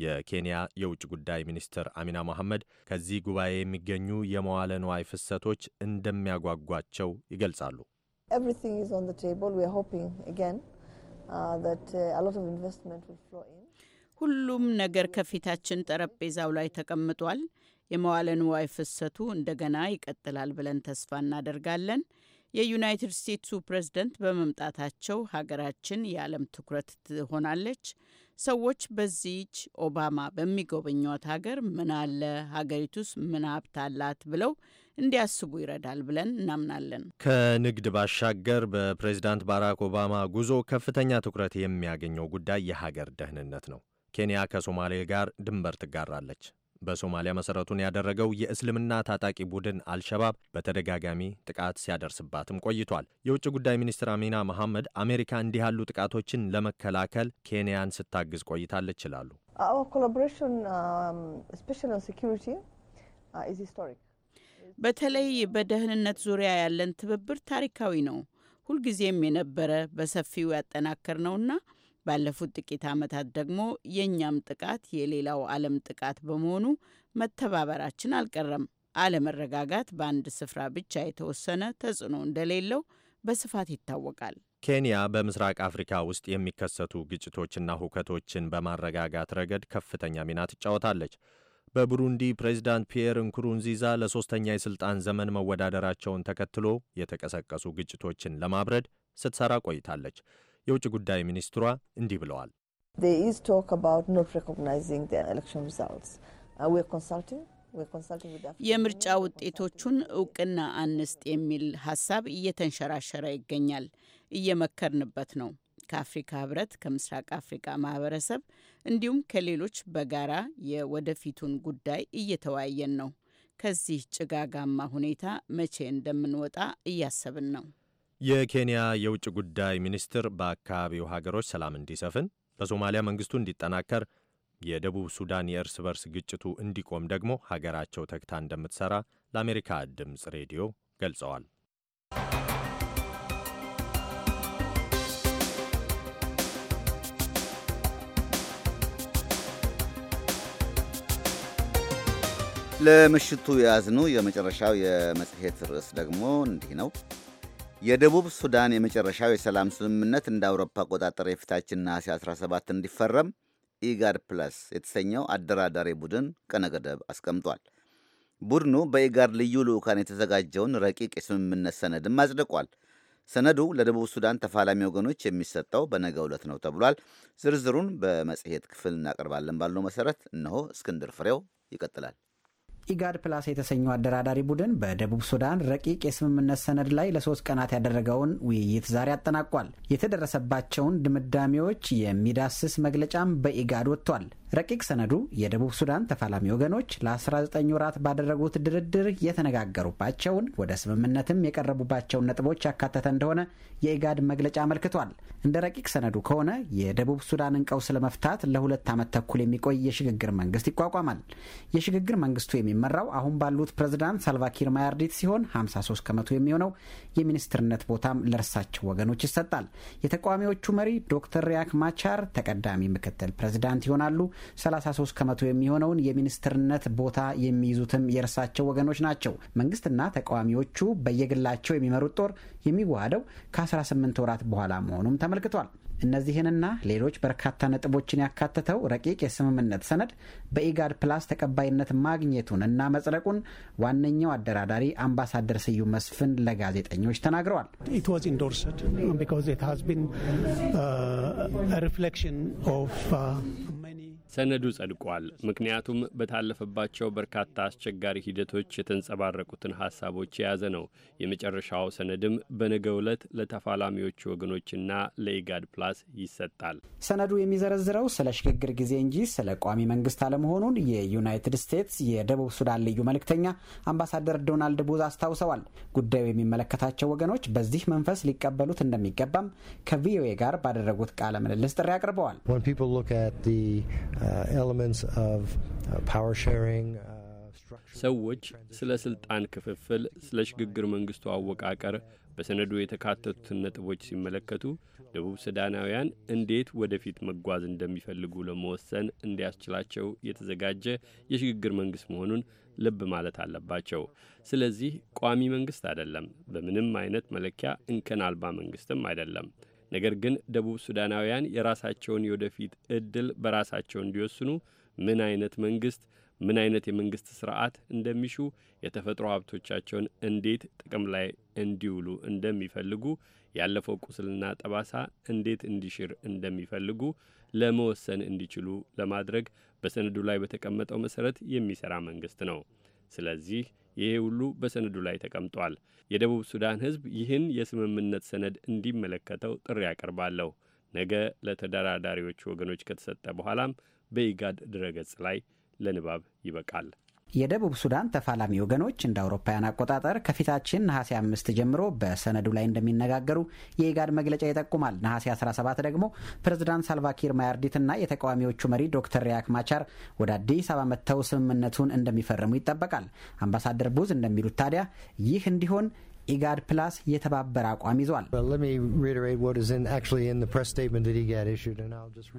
የኬንያ የውጭ ጉዳይ ሚኒስትር አሚና መሐመድ ከዚህ ጉባኤ የሚገኙ የመዋለ ንዋይ ፍሰቶች እንደሚያጓጓቸው ይገልጻሉ። uh, uh, ሁሉም ነገር ከፊታችን ጠረጴዛው ላይ ተቀምጧል። የመዋለ ንዋይ ፍሰቱ እንደገና ይቀጥላል ብለን ተስፋ እናደርጋለን። የዩናይትድ ስቴትሱ ፕሬዝደንት በመምጣታቸው ሀገራችን የዓለም ትኩረት ትሆናለች። ሰዎች በዚች ኦባማ በሚጎበኟት ሀገር ምን አለ፣ ሀገሪቱስ ምን ሀብት አላት ብለው እንዲያስቡ ይረዳል ብለን እናምናለን። ከንግድ ባሻገር በፕሬዝዳንት ባራክ ኦባማ ጉዞ ከፍተኛ ትኩረት የሚያገኘው ጉዳይ የሀገር ደህንነት ነው። ኬንያ ከሶማሌ ጋር ድንበር ትጋራለች። በሶማሊያ መሰረቱን ያደረገው የእስልምና ታጣቂ ቡድን አልሸባብ በተደጋጋሚ ጥቃት ሲያደርስባትም ቆይቷል። የውጭ ጉዳይ ሚኒስትር አሚና መሐመድ አሜሪካ እንዲህ ያሉ ጥቃቶችን ለመከላከል ኬንያን ስታግዝ ቆይታለች ይላሉ። um, uh, በተለይ በደህንነት ዙሪያ ያለን ትብብር ታሪካዊ ነው፣ ሁልጊዜም የነበረ በሰፊው ያጠናከር ነውና ባለፉት ጥቂት ዓመታት ደግሞ የእኛም ጥቃት የሌላው ዓለም ጥቃት በመሆኑ መተባበራችን አልቀረም። አለመረጋጋት በአንድ ስፍራ ብቻ የተወሰነ ተጽዕኖ እንደሌለው በስፋት ይታወቃል። ኬንያ በምስራቅ አፍሪካ ውስጥ የሚከሰቱ ግጭቶችና ሁከቶችን በማረጋጋት ረገድ ከፍተኛ ሚና ትጫወታለች። በቡሩንዲ ፕሬዚዳንት ፒየር እንኩሩንዚዛ ለሦስተኛ የሥልጣን ዘመን መወዳደራቸውን ተከትሎ የተቀሰቀሱ ግጭቶችን ለማብረድ ስትሰራ ቆይታለች። የውጭ ጉዳይ ሚኒስትሯ እንዲህ ብለዋል። uh, የምርጫ ውጤቶቹን እውቅና አንስጥ የሚል ሀሳብ እየተንሸራሸረ ይገኛል። እየመከርንበት ነው። ከአፍሪካ ህብረት፣ ከምስራቅ አፍሪካ ማህበረሰብ እንዲሁም ከሌሎች በጋራ የወደፊቱን ጉዳይ እየተወያየን ነው። ከዚህ ጭጋጋማ ሁኔታ መቼ እንደምንወጣ እያሰብን ነው። የኬንያ የውጭ ጉዳይ ሚኒስትር በአካባቢው ሀገሮች ሰላም እንዲሰፍን፣ በሶማሊያ መንግስቱ እንዲጠናከር፣ የደቡብ ሱዳን የእርስ በርስ ግጭቱ እንዲቆም ደግሞ ሀገራቸው ተግታ እንደምትሰራ ለአሜሪካ ድምፅ ሬዲዮ ገልጸዋል። ለምሽቱ የያዝኑ የመጨረሻው የመጽሔት ርዕስ ደግሞ እንዲህ ነው። የደቡብ ሱዳን የመጨረሻው የሰላም ስምምነት እንደ አውሮፓ አቆጣጠር የፊታችን ነሐሴ 17 እንዲፈረም ኢጋድ ፕለስ የተሰኘው አደራዳሪ ቡድን ቀነገደብ አስቀምጧል። ቡድኑ በኢጋድ ልዩ ልዑካን የተዘጋጀውን ረቂቅ የስምምነት ሰነድም አጽድቋል። ሰነዱ ለደቡብ ሱዳን ተፋላሚ ወገኖች የሚሰጠው በነገ ዕለት ነው ተብሏል። ዝርዝሩን በመጽሔት ክፍል እናቀርባለን ባለው መሰረት እነሆ እስክንድር ፍሬው ይቀጥላል። ኢጋድ ፕላስ የተሰኘው አደራዳሪ ቡድን በደቡብ ሱዳን ረቂቅ የስምምነት ሰነድ ላይ ለሶስት ቀናት ያደረገውን ውይይት ዛሬ አጠናቋል። የተደረሰባቸውን ድምዳሜዎች የሚዳስስ መግለጫም በኢጋድ ወጥቷል። ረቂቅ ሰነዱ የደቡብ ሱዳን ተፋላሚ ወገኖች ለ19 ወራት ባደረጉት ድርድር የተነጋገሩባቸውን ወደ ስምምነትም የቀረቡባቸውን ነጥቦች ያካተተ እንደሆነ የኢጋድ መግለጫ አመልክቷል። እንደ ረቂቅ ሰነዱ ከሆነ የደቡብ ሱዳንን ቀውስ ለመፍታት ለሁለት ዓመት ተኩል የሚቆይ የሽግግር መንግስት ይቋቋማል። የሽግግር መንግስቱ የሚመራው አሁን ባሉት ፕሬዝዳንት ሳልቫኪር ማያርዲት ሲሆን 53 ከመቶ የሚሆነው የሚኒስትርነት ቦታም ለእርሳቸው ወገኖች ይሰጣል። የተቃዋሚዎቹ መሪ ዶክተር ሪያክ ማቻር ተቀዳሚ ምክትል ፕሬዝዳንት ይሆናሉ። 33 ከመቶ የሚሆነውን የሚኒስትርነት ቦታ የሚይዙትም የእርሳቸው ወገኖች ናቸው። መንግስትና ተቃዋሚዎቹ በየግላቸው የሚመሩት ጦር የሚዋሃደው ከ18 ወራት በኋላ መሆኑም ተመልክቷል። እነዚህንና ሌሎች በርካታ ነጥቦችን ያካተተው ረቂቅ የስምምነት ሰነድ በኢጋድ ፕላስ ተቀባይነት ማግኘቱን እና መጽደቁን ዋነኛው አደራዳሪ አምባሳደር ስዩም መስፍን ለጋዜጠኞች ተናግረዋል። ሰነዱ ጸድቋል። ምክንያቱም በታለፈባቸው በርካታ አስቸጋሪ ሂደቶች የተንጸባረቁትን ሐሳቦች የያዘ ነው። የመጨረሻው ሰነድም በነገ ዕለት ለተፋላሚዎቹ ወገኖችና ለኢጋድ ፕላስ ይሰጣል። ሰነዱ የሚዘረዝረው ስለ ሽግግር ጊዜ እንጂ ስለ ቋሚ መንግስት አለመሆኑን የዩናይትድ ስቴትስ የደቡብ ሱዳን ልዩ መልእክተኛ አምባሳደር ዶናልድ ቡዝ አስታውሰዋል። ጉዳዩ የሚመለከታቸው ወገኖች በዚህ መንፈስ ሊቀበሉት እንደሚገባም ከቪኦኤ ጋር ባደረጉት ቃለ ምልልስ ጥሪ አቅርበዋል። Uh, uh, uh, ሰዎች ስለ ስልጣን ክፍፍል፣ ስለ ሽግግር መንግስቱ አወቃቀር በሰነዱ የተካተቱትን ነጥቦች ሲመለከቱ ደቡብ ሱዳናውያን እንዴት ወደፊት መጓዝ እንደሚፈልጉ ለመወሰን እንዲያስችላቸው የተዘጋጀ የሽግግር መንግስት መሆኑን ልብ ማለት አለባቸው። ስለዚህ ቋሚ መንግስት አይደለም፣ በምንም አይነት መለኪያ እንከን አልባ መንግስትም አይደለም። ነገር ግን ደቡብ ሱዳናውያን የራሳቸውን የወደፊት እድል በራሳቸው እንዲወስኑ ምን አይነት መንግስት ምን አይነት የመንግስት ስርዓት እንደሚሹ የተፈጥሮ ሀብቶቻቸውን እንዴት ጥቅም ላይ እንዲውሉ እንደሚፈልጉ ያለፈው ቁስልና ጠባሳ እንዴት እንዲሽር እንደሚፈልጉ ለመወሰን እንዲችሉ ለማድረግ በሰነዱ ላይ በተቀመጠው መሰረት የሚሰራ መንግስት ነው። ስለዚህ ይሄ ሁሉ በሰነዱ ላይ ተቀምጧል። የደቡብ ሱዳን ህዝብ ይህን የስምምነት ሰነድ እንዲመለከተው ጥሪ ያቀርባለሁ። ነገ ለተደራዳሪዎች ወገኖች ከተሰጠ በኋላም በኢጋድ ድረገጽ ላይ ለንባብ ይበቃል። የደቡብ ሱዳን ተፋላሚ ወገኖች እንደ አውሮፓውያን አቆጣጠር ከፊታችን ነሐሴ አምስት ጀምሮ በሰነዱ ላይ እንደሚነጋገሩ የኢጋድ መግለጫ ይጠቁማል። ነሐሴ 17 ደግሞ ፕሬዝዳንት ሳልቫኪር ማያርዲትና የተቃዋሚዎቹ መሪ ዶክተር ሪያክ ማቻር ወደ አዲስ አበባ መጥተው ስምምነቱን እንደሚፈርሙ ይጠበቃል። አምባሳደር ቡዝ እንደሚሉት ታዲያ ይህ እንዲሆን ኢጋድ ፕላስ የተባበረ አቋም ይዟል።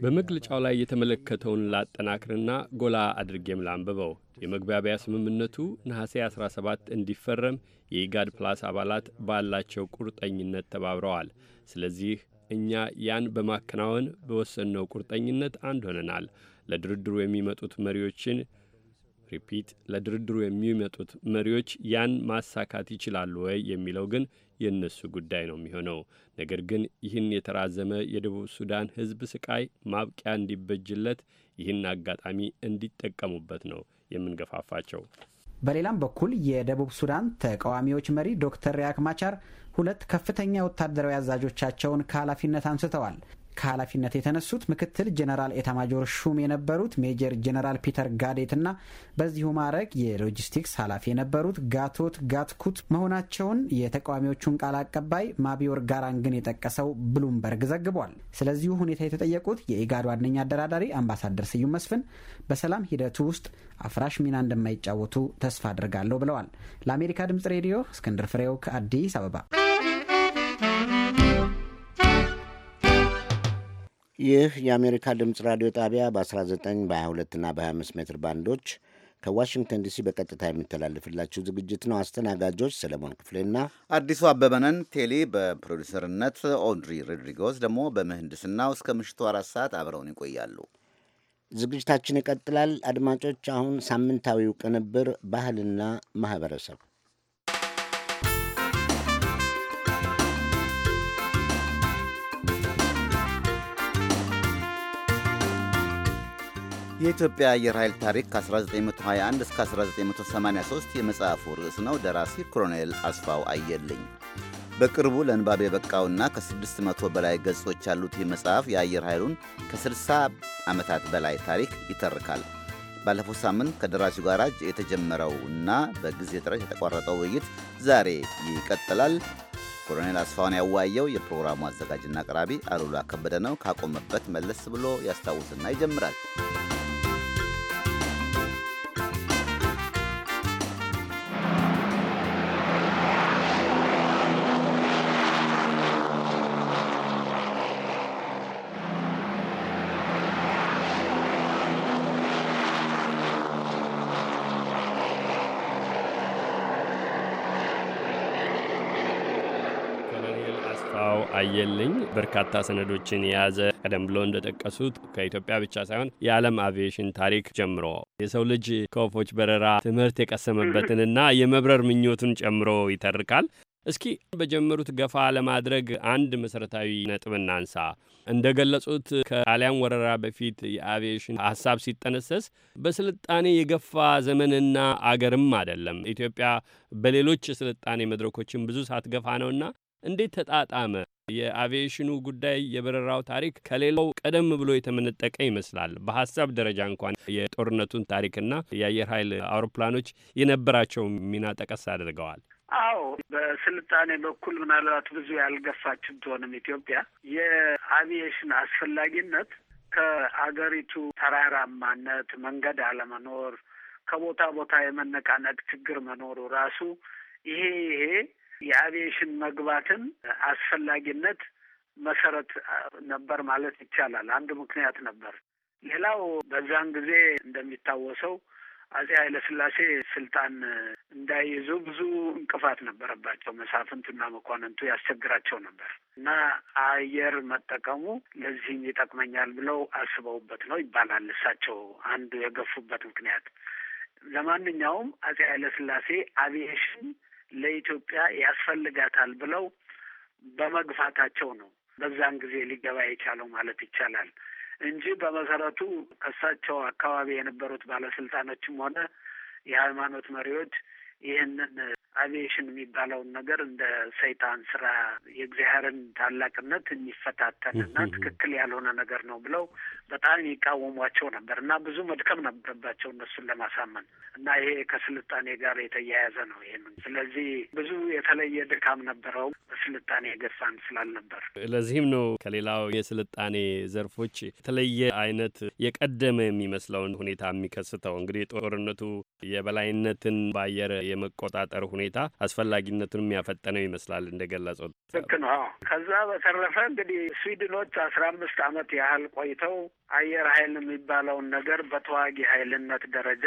በመግለጫው ላይ የተመለከተውን ላጠናክርና ጎላ አድርጌም ላንብበው። የመግባቢያ ስምምነቱ ነሐሴ 17 እንዲፈረም የኢጋድ ፕላስ አባላት ባላቸው ቁርጠኝነት ተባብረዋል። ስለዚህ እኛ ያን በማከናወን በወሰነው ቁርጠኝነት አንድ ሆነናል። ለድርድሩ የሚመጡት መሪዎችን ሪፒት ለድርድሩ የሚመጡት መሪዎች ያን ማሳካት ይችላሉ ወይ የሚለው ግን የእነሱ ጉዳይ ነው የሚሆነው። ነገር ግን ይህን የተራዘመ የደቡብ ሱዳን ሕዝብ ስቃይ ማብቂያ እንዲበጅለት ይህን አጋጣሚ እንዲጠቀሙበት ነው የምንገፋፋቸው። በሌላም በኩል የደቡብ ሱዳን ተቃዋሚዎች መሪ ዶክተር ሪያክ ማቻር ሁለት ከፍተኛ ወታደራዊ አዛዦቻቸውን ከኃላፊነት አንስተዋል። ከኃላፊነት የተነሱት ምክትል ጀነራል ኤታማጆር ሹም የነበሩት ሜጀር ጀነራል ፒተር ጋዴትና በዚሁ ማዕረግ የሎጂስቲክስ ኃላፊ የነበሩት ጋቶት ጋትኩት መሆናቸውን የተቃዋሚዎቹን ቃል አቀባይ ማቢዮር ግን የጠቀሰው ብሉምበርግ ዘግቧል። ስለዚሁ ሁኔታ የተጠየቁት የኢጋድ ዋነኛ አደራዳሪ አምባሳደር ስዩም መስፍን በሰላም ሂደቱ ውስጥ አፍራሽ ሚና እንደማይጫወቱ ተስፋ አድርጋለሁ ብለዋል። ለአሜሪካ ድምጽ ሬዲዮ እስክንድር ፍሬው ከአዲስ አበባ ይህ የአሜሪካ ድምፅ ራዲዮ ጣቢያ በ19 በ22ና በ25 ሜትር ባንዶች ከዋሽንግተን ዲሲ በቀጥታ የሚተላልፍላችሁ ዝግጅት ነው። አስተናጋጆች ሰለሞን ክፍሌና አዲሱ አበበነን። ቴሌ በፕሮዲሰርነት ኦድሪ ሮድሪጎዝ ደግሞ በምህንድስና እስከ ምሽቱ አራት ሰዓት አብረውን ይቆያሉ። ዝግጅታችን ይቀጥላል። አድማጮች፣ አሁን ሳምንታዊው ቅንብር ባህልና ማህበረሰብ የኢትዮጵያ አየር ኃይል ታሪክ ከ1921 እስከ 1983 የመጽሐፉ ርዕስ ነው። ደራሲ ኮሎኔል አስፋው አየልኝ። በቅርቡ ለንባብ የበቃውና ከ600 በላይ ገጾች ያሉት ይህ መጽሐፍ የአየር ኃይሉን ከ60 ዓመታት በላይ ታሪክ ይተርካል። ባለፈው ሳምንት ከደራሲው ጋር የተጀመረው እና በጊዜ ጥረት የተቋረጠው ውይይት ዛሬ ይቀጥላል። ኮሎኔል አስፋውን ያዋየው የፕሮግራሙ አዘጋጅና አቅራቢ አሉላ ከበደ ነው። ካቆመበት መለስ ብሎ ያስታውስና ይጀምራል። በርካታ ሰነዶችን የያዘ ቀደም ብሎ እንደጠቀሱት ከኢትዮጵያ ብቻ ሳይሆን የዓለም አቪዬሽን ታሪክ ጀምሮ የሰው ልጅ ከወፎች በረራ ትምህርት የቀሰመበትንና የመብረር ምኞቱን ጨምሮ ይተርካል። እስኪ በጀመሩት ገፋ ለማድረግ አንድ መሰረታዊ ነጥብ እናንሳ። እንደ ገለጹት ከጣሊያን ወረራ በፊት የአቪዬሽን ሀሳብ ሲጠነሰስ በስልጣኔ የገፋ ዘመንና አገርም አይደለም። ኢትዮጵያ በሌሎች የስልጣኔ መድረኮችን ብዙ ሳትገፋ ነውና እንዴት ተጣጣመ? የአቪዬሽኑ ጉዳይ የበረራው ታሪክ ከሌላው ቀደም ብሎ የተመነጠቀ ይመስላል። በሀሳብ ደረጃ እንኳን የጦርነቱን ታሪክና የአየር ኃይል አውሮፕላኖች የነበራቸው ሚና ጠቀስ አድርገዋል። አዎ በስልጣኔ በኩል ምናልባት ብዙ ያልገፋችን ትሆንም ኢትዮጵያ የአቪዬሽን አስፈላጊነት ከአገሪቱ ተራራማነት፣ መንገድ አለመኖር፣ ከቦታ ቦታ የመነቃነቅ ችግር መኖሩ ራሱ ይሄ ይሄ የአቪዬሽን መግባትን አስፈላጊነት መሰረት ነበር ማለት ይቻላል። አንዱ ምክንያት ነበር። ሌላው በዛን ጊዜ እንደሚታወሰው አጼ ኃይለስላሴ ስልጣን እንዳይይዙ ብዙ እንቅፋት ነበረባቸው። መሳፍንቱና መኳንንቱ ያስቸግራቸው ነበር እና አየር መጠቀሙ ለዚህም ይጠቅመኛል ብለው አስበውበት ነው ይባላል። እሳቸው አንዱ የገፉበት ምክንያት። ለማንኛውም አጼ ስላሴ አቪዬሽን ለኢትዮጵያ ያስፈልጋታል ብለው በመግፋታቸው ነው በዛን ጊዜ ሊገባ የቻለው ማለት ይቻላል እንጂ በመሰረቱ ከሳቸው አካባቢ የነበሩት ባለስልጣኖችም ሆነ የሃይማኖት መሪዎች ይህንን አቪዬሽን የሚባለውን ነገር እንደ ሰይጣን ስራ የእግዚአብሔርን ታላቅነት የሚፈታተንና ትክክል ያልሆነ ነገር ነው ብለው በጣም ይቃወሟቸው ነበር እና ብዙ መድከም ነበረባቸው እነሱን ለማሳመን እና ይሄ ከስልጣኔ ጋር የተያያዘ ነው። ይህንን ስለዚህ ብዙ የተለየ ድካም ነበረው በስልጣኔ የገፋን ስላልነበር። ለዚህም ነው ከሌላው የስልጣኔ ዘርፎች የተለየ አይነት የቀደመ የሚመስለውን ሁኔታ የሚከስተው እንግዲህ ጦርነቱ የበላይነትን በአየር የመቆጣጠር ሁኔታ ሁኔታ አስፈላጊነቱን ያፈጠነው ይመስላል ገለጹት። ልክ ነው። ከዛ በተረፈ እንግዲህ ስዊድኖች አስራ አምስት አመት ያህል ቆይተው አየር ኃይል የሚባለውን ነገር በተዋጊ ኃይልነት ደረጃ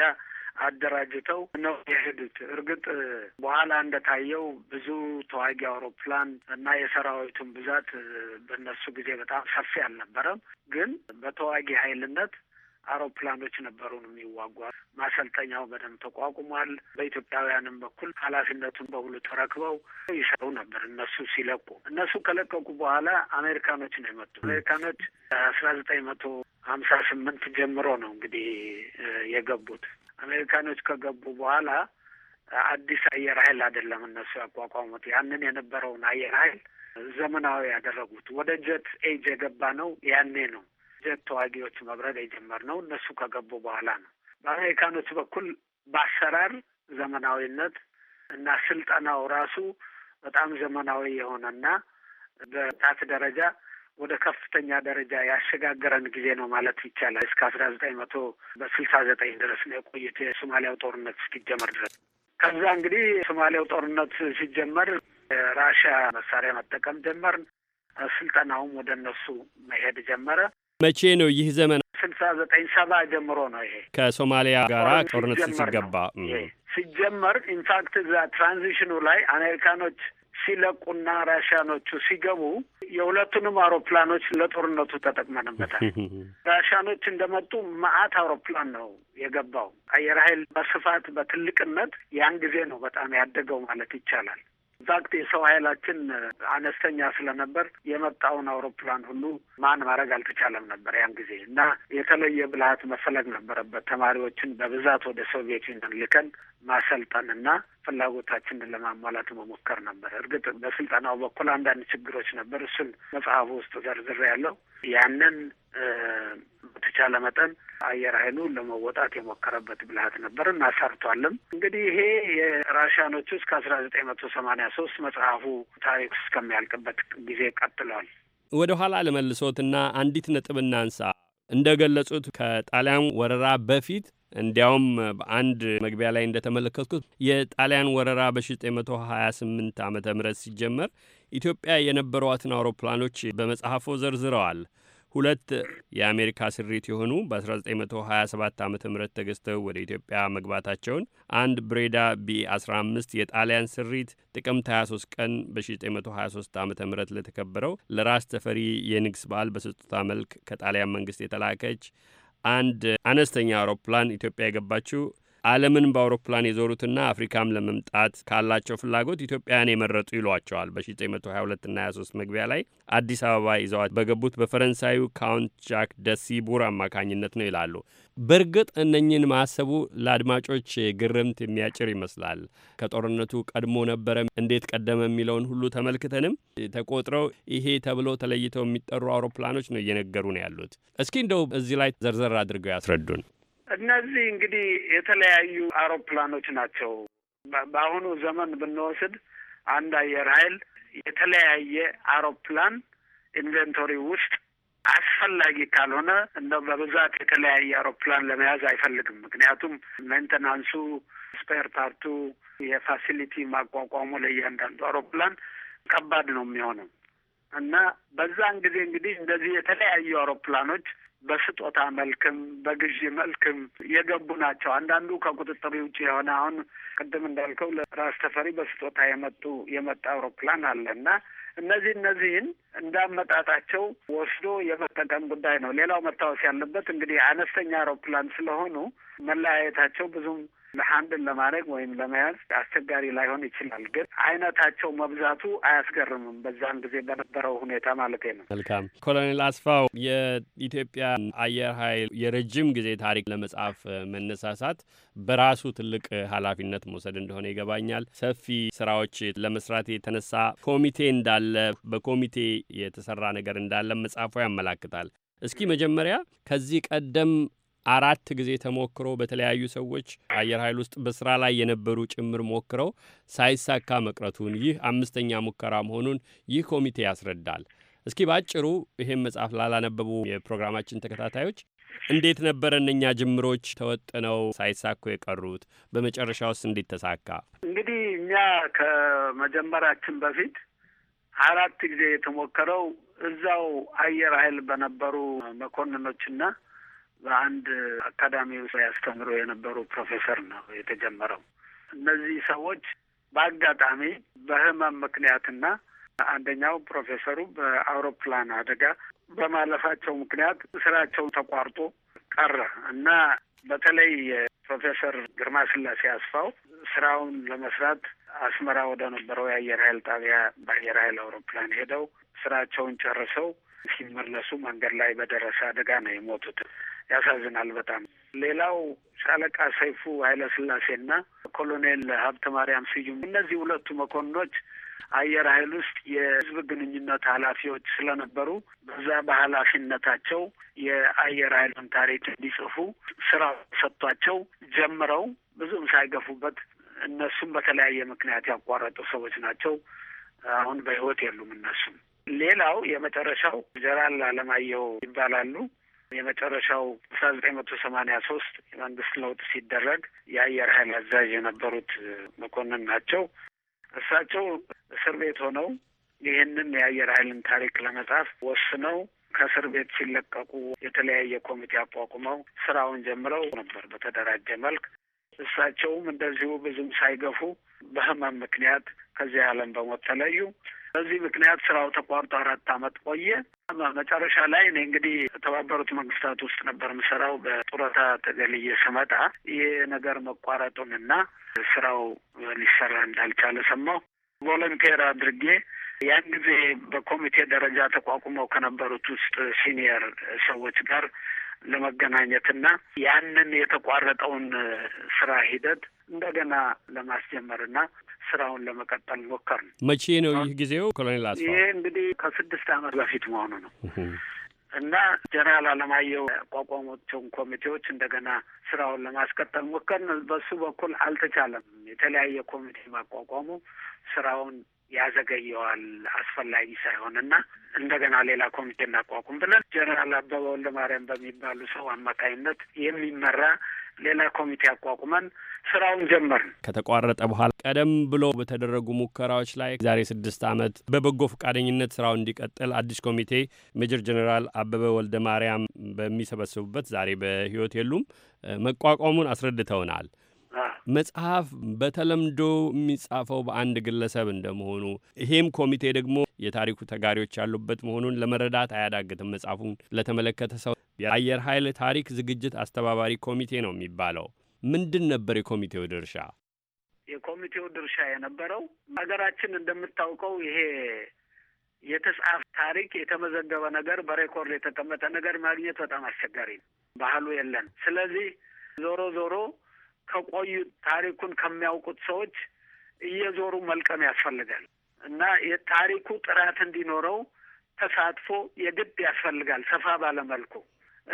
አደራጅተው ነው የሄዱት። እርግጥ በኋላ እንደታየው ብዙ ተዋጊ አውሮፕላን እና የሰራዊቱን ብዛት በእነሱ ጊዜ በጣም ሰፊ አልነበረም። ግን በተዋጊ ኃይልነት አውሮፕላኖች ነበሩን የሚዋጓ ማሰልጠኛው በደንብ ተቋቁሟል። በኢትዮጵያውያንም በኩል ኃላፊነቱን በሙሉ ተረክበው ይሰሩ ነበር። እነሱ ሲለቁ እነሱ ከለቀቁ በኋላ አሜሪካኖች ነው የመጡ። አሜሪካኖች አስራ ዘጠኝ መቶ ሀምሳ ስምንት ጀምሮ ነው እንግዲህ የገቡት። አሜሪካኖች ከገቡ በኋላ አዲስ አየር ኃይል አይደለም እነሱ ያቋቋሙት። ያንን የነበረውን አየር ኃይል ዘመናዊ ያደረጉት ወደ ጀት ኤጅ የገባ ነው ያኔ ነው ጀት ተዋጊዎች መብረር የጀመርነው እነሱ ከገቡ በኋላ ነው። በአሜሪካኖች በኩል በአሰራር ዘመናዊነት እና ስልጠናው ራሱ በጣም ዘመናዊ የሆነና በታት ደረጃ ወደ ከፍተኛ ደረጃ ያሸጋገረን ጊዜ ነው ማለት ይቻላል። እስከ አስራ ዘጠኝ መቶ በስልሳ ዘጠኝ ድረስ ነው የቆዩት የሶማሊያው ጦርነት እስኪጀመር ድረስ። ከዛ እንግዲህ የሶማሊያው ጦርነት ሲጀመር ራሻ መሳሪያ መጠቀም ጀመር፣ ስልጠናውም ወደ እነሱ መሄድ ጀመረ። መቼ ነው ይህ ዘመን? ስልሳ ዘጠኝ ሰባ ጀምሮ ነው ይሄ ከሶማሊያ ጋራ ጦርነት ሲገባ ሲጀመር ኢንፋክት እዛ ትራንዚሽኑ ላይ አሜሪካኖች ሲለቁና ራሽያኖቹ ሲገቡ የሁለቱንም አውሮፕላኖች ለጦርነቱ ተጠቅመንበታል። (laughs) ራሽያኖች እንደመጡ መዓት አውሮፕላን ነው የገባው። አየር ኃይል በስፋት በትልቅነት ያን ጊዜ ነው በጣም ያደገው ማለት ይቻላል። ዛቅት የሰው ኃይላችን አነስተኛ ስለነበር የመጣውን አውሮፕላን ሁሉ ማን ማድረግ አልተቻለም ነበር ያን ጊዜ እና የተለየ ብልሃት መፈለግ ነበረበት። ተማሪዎችን በብዛት ወደ ሶቪየት ዩኒየን ልከን ማሰልጠንና ፍላጎታችንን ለማሟላት መሞከር ነበር። እርግጥ በስልጠናው በኩል አንዳንድ ችግሮች ነበር። እሱን መጽሐፉ ውስጥ ዘርዝሬ ያለው ያንን በተቻለ መጠን አየር ኃይሉ ለመወጣት የሞከረበት ብልሃት ነበር እና ሰርቷልም። እንግዲህ ይሄ የራሽያኖቹ እስከ አስራ ዘጠኝ መቶ ሰማኒያ ሶስት መጽሐፉ ታሪክ እስከሚያልቅበት ጊዜ ቀጥሏል። ወደ ኋላ ለመልሶትና አንዲት ነጥብ እናንሳ። እንደ ገለጹት ከጣሊያን ወረራ በፊት እንዲያውም በአንድ መግቢያ ላይ እንደተመለከትኩት የጣሊያን ወረራ በ1928 ዓ ም ሲጀመር ኢትዮጵያ የነበሯትን አውሮፕላኖች በመጽሐፎ ዘርዝረዋል። ሁለት የአሜሪካ ስሪት የሆኑ በ1927 ዓ ም ተገዝተው ወደ ኢትዮጵያ መግባታቸውን፣ አንድ ብሬዳ ቢ15 የጣሊያን ስሪት ጥቅምት 23 ቀን በ1923 ዓ ም ለተከበረው ለራስ ተፈሪ የንግስ በዓል በስጦታ መልክ ከጣሊያን መንግስት የተላከች አንድ አነስተኛ አውሮፕላን ኢትዮጵያ የገባችው ዓለምን በአውሮፕላን የዞሩትና አፍሪካም ለመምጣት ካላቸው ፍላጎት ኢትዮጵያን የመረጡ ይሏቸዋል። በ1922 ና 23 መግቢያ ላይ አዲስ አበባ ይዘዋት በገቡት በፈረንሳዩ ካውንት ጃክ ደሲቡር አማካኝነት ነው ይላሉ። በእርግጥ እነኝን ማሰቡ ለአድማጮች ግርምት የሚያጭር ይመስላል። ከጦርነቱ ቀድሞ ነበረ እንዴት ቀደመ የሚለውን ሁሉ ተመልክተንም ተቆጥረው ይሄ ተብሎ ተለይተው የሚጠሩ አውሮፕላኖች ነው እየነገሩ ነው ያሉት። እስኪ እንደው እዚህ ላይ ዘርዘር አድርገው ያስረዱን። እነዚህ እንግዲህ የተለያዩ አውሮፕላኖች ናቸው። በአሁኑ ዘመን ብንወስድ አንድ አየር ኃይል የተለያየ አውሮፕላን ኢንቨንቶሪ ውስጥ አስፈላጊ ካልሆነ እንደው በብዛት የተለያየ አውሮፕላን ለመያዝ አይፈልግም። ምክንያቱም ሜንተናንሱ፣ ስፔር ፓርቱ፣ የፋሲሊቲ ማቋቋሙ ለእያንዳንዱ አውሮፕላን ከባድ ነው የሚሆነው እና በዛን ጊዜ እንግዲህ እንደዚህ የተለያዩ አውሮፕላኖች በስጦታ መልክም በግዢ መልክም የገቡ ናቸው። አንዳንዱ ከቁጥጥር ውጭ የሆነ አሁን ቅድም እንዳልከው ለራስ ተፈሪ በስጦታ የመጡ የመጣ አውሮፕላን አለ እና እነዚህ እነዚህን እንዳመጣጣቸው ወስዶ የመጠቀም ጉዳይ ነው። ሌላው መታወስ ያለበት እንግዲህ አነስተኛ አውሮፕላን ስለሆኑ መለያየታቸው ብዙም አንድን ለማድረግ ወይም ለመያዝ አስቸጋሪ ላይሆን ይችላል። ግን አይነታቸው መብዛቱ አያስገርምም። በዛን ጊዜ በነበረው ሁኔታ ማለት ነው። መልካም ኮሎኔል አስፋው የኢትዮጵያ አየር ኃይል የረጅም ጊዜ ታሪክ ለመጻፍ መነሳሳት በራሱ ትልቅ ኃላፊነት መውሰድ እንደሆነ ይገባኛል። ሰፊ ስራዎች ለመስራት የተነሳ ኮሚቴ እንዳለ በኮሚቴ የተሰራ ነገር እንዳለ መጽሐፉ ያመላክታል። እስኪ መጀመሪያ ከዚህ ቀደም አራት ጊዜ ተሞክሮ በተለያዩ ሰዎች አየር ኃይል ውስጥ በስራ ላይ የነበሩ ጭምር ሞክረው ሳይሳካ መቅረቱን ይህ አምስተኛ ሙከራ መሆኑን ይህ ኮሚቴ ያስረዳል። እስኪ ባጭሩ ይህም መጽሐፍ ላላነበቡ የፕሮግራማችን ተከታታዮች እንዴት ነበረ እነኛ ጅምሮች ተወጥነው ሳይሳኩ የቀሩት? በመጨረሻ ውስጥ እንዴት ተሳካ? እንግዲህ እኛ ከመጀመራችን በፊት አራት ጊዜ የተሞከረው እዛው አየር ኃይል በነበሩ መኮንኖችና በአንድ አካዳሚ ውስጥ ያስተምሩ የነበሩ ፕሮፌሰር ነው የተጀመረው። እነዚህ ሰዎች በአጋጣሚ በህመም ምክንያትና አንደኛው ፕሮፌሰሩ በአውሮፕላን አደጋ በማለፋቸው ምክንያት ስራቸው ተቋርጦ ቀረ እና በተለይ ፕሮፌሰር ግርማ ስላሴ አስፋው ስራውን ለመስራት አስመራ ወደ ነበረው የአየር ኃይል ጣቢያ በአየር ኃይል አውሮፕላን ሄደው ስራቸውን ጨርሰው ሲመለሱ መንገድ ላይ በደረሰ አደጋ ነው የሞቱት። ያሳዝናል በጣም። ሌላው ሻለቃ ሰይፉ ኃይለስላሴና ኮሎኔል ሀብተ ማርያም ስዩም እነዚህ ሁለቱ መኮንኖች አየር ኃይል ውስጥ የህዝብ ግንኙነት ኃላፊዎች ስለነበሩ በዛ በኃላፊነታቸው የአየር ኃይሉን ታሪክ እንዲጽፉ ስራ ሰጥቷቸው ጀምረው ብዙም ሳይገፉበት እነሱም በተለያየ ምክንያት ያቋረጡ ሰዎች ናቸው። አሁን በህይወት የሉም እነሱም። ሌላው የመጨረሻው ጀነራል አለማየሁ ይባላሉ። የመጨረሻው አስራ ዘጠኝ መቶ ሰማኒያ ሶስት የመንግስት ለውጥ ሲደረግ የአየር ኃይል አዛዥ የነበሩት መኮንን ናቸው። እሳቸው እስር ቤት ሆነው ይህንን የአየር ኃይልን ታሪክ ለመጻፍ ወስነው ከእስር ቤት ሲለቀቁ የተለያየ ኮሚቴ አቋቁመው ስራውን ጀምረው ነበር በተደራጀ መልክ። እሳቸውም እንደዚሁ ብዙም ሳይገፉ በህመም ምክንያት ከዚህ ዓለም በሞት ተለዩ። በዚህ ምክንያት ስራው ተቋርጦ አራት አመት ቆየ። መጨረሻ ላይ እኔ እንግዲህ በተባበሩት መንግስታት ውስጥ ነበር የምሰራው። በጡረታ ተገልዬ ስመጣ ይህ ነገር መቋረጡንና ስራው ሊሰራ እንዳልቻለ ሰማሁ። ቮለንቴር አድርጌ ያን ጊዜ በኮሚቴ ደረጃ ተቋቁመው ከነበሩት ውስጥ ሲኒየር ሰዎች ጋር ለመገናኘትና ያንን የተቋረጠውን ስራ ሂደት እንደገና ለማስጀመርና ስራውን ለመቀጠል ሞከር ነው። መቼ ነው ይህ ጊዜው ኮሎኔል አስፋ? ይሄ እንግዲህ ከስድስት ዓመት በፊት መሆኑ ነው። እና ጀነራል አለማየሁ ያቋቋሙትን ኮሚቴዎች እንደገና ስራውን ለማስቀጠል ሞከር። በሱ በኩል አልተቻለም። የተለያየ ኮሚቴ ማቋቋሙ ስራውን ያዘገየዋል አስፈላጊ ሳይሆን እንደገና ሌላ ኮሚቴ እናቋቁም ብለን ጀነራል አበበ ወልደማርያም በሚባሉ ሰው አማካኝነት የሚመራ ሌላ ኮሚቴ አቋቁመን ስራውን ጀመር። ከተቋረጠ በኋላ ቀደም ብሎ በተደረጉ ሙከራዎች ላይ ዛሬ ስድስት ዓመት በበጎ ፈቃደኝነት ስራው እንዲቀጥል አዲስ ኮሚቴ ሜጀር ጀኔራል አበበ ወልደ ማርያም በሚሰበስቡበት ዛሬ በህይወት የሉም መቋቋሙን አስረድተውናል። መጽሐፍ በተለምዶ የሚጻፈው በአንድ ግለሰብ እንደመሆኑ ይሄም ኮሚቴ ደግሞ የታሪኩ ተጋሪዎች ያሉበት መሆኑን ለመረዳት አያዳግትም። መጽሐፉን ለተመለከተ ሰው የአየር ኃይል ታሪክ ዝግጅት አስተባባሪ ኮሚቴ ነው የሚባለው። ምንድን ነበር የኮሚቴው ድርሻ? የኮሚቴው ድርሻ የነበረው ሀገራችን እንደምታውቀው ይሄ የተጻፈ ታሪክ የተመዘገበ ነገር በሬኮርድ የተቀመጠ ነገር ማግኘት በጣም አስቸጋሪ ነው። ባህሉ የለን። ስለዚህ ዞሮ ዞሮ ከቆዩ ታሪኩን ከሚያውቁት ሰዎች እየዞሩ መልቀም ያስፈልጋል እና የታሪኩ ጥራት እንዲኖረው ተሳትፎ የግድ ያስፈልጋል ሰፋ ባለመልኩ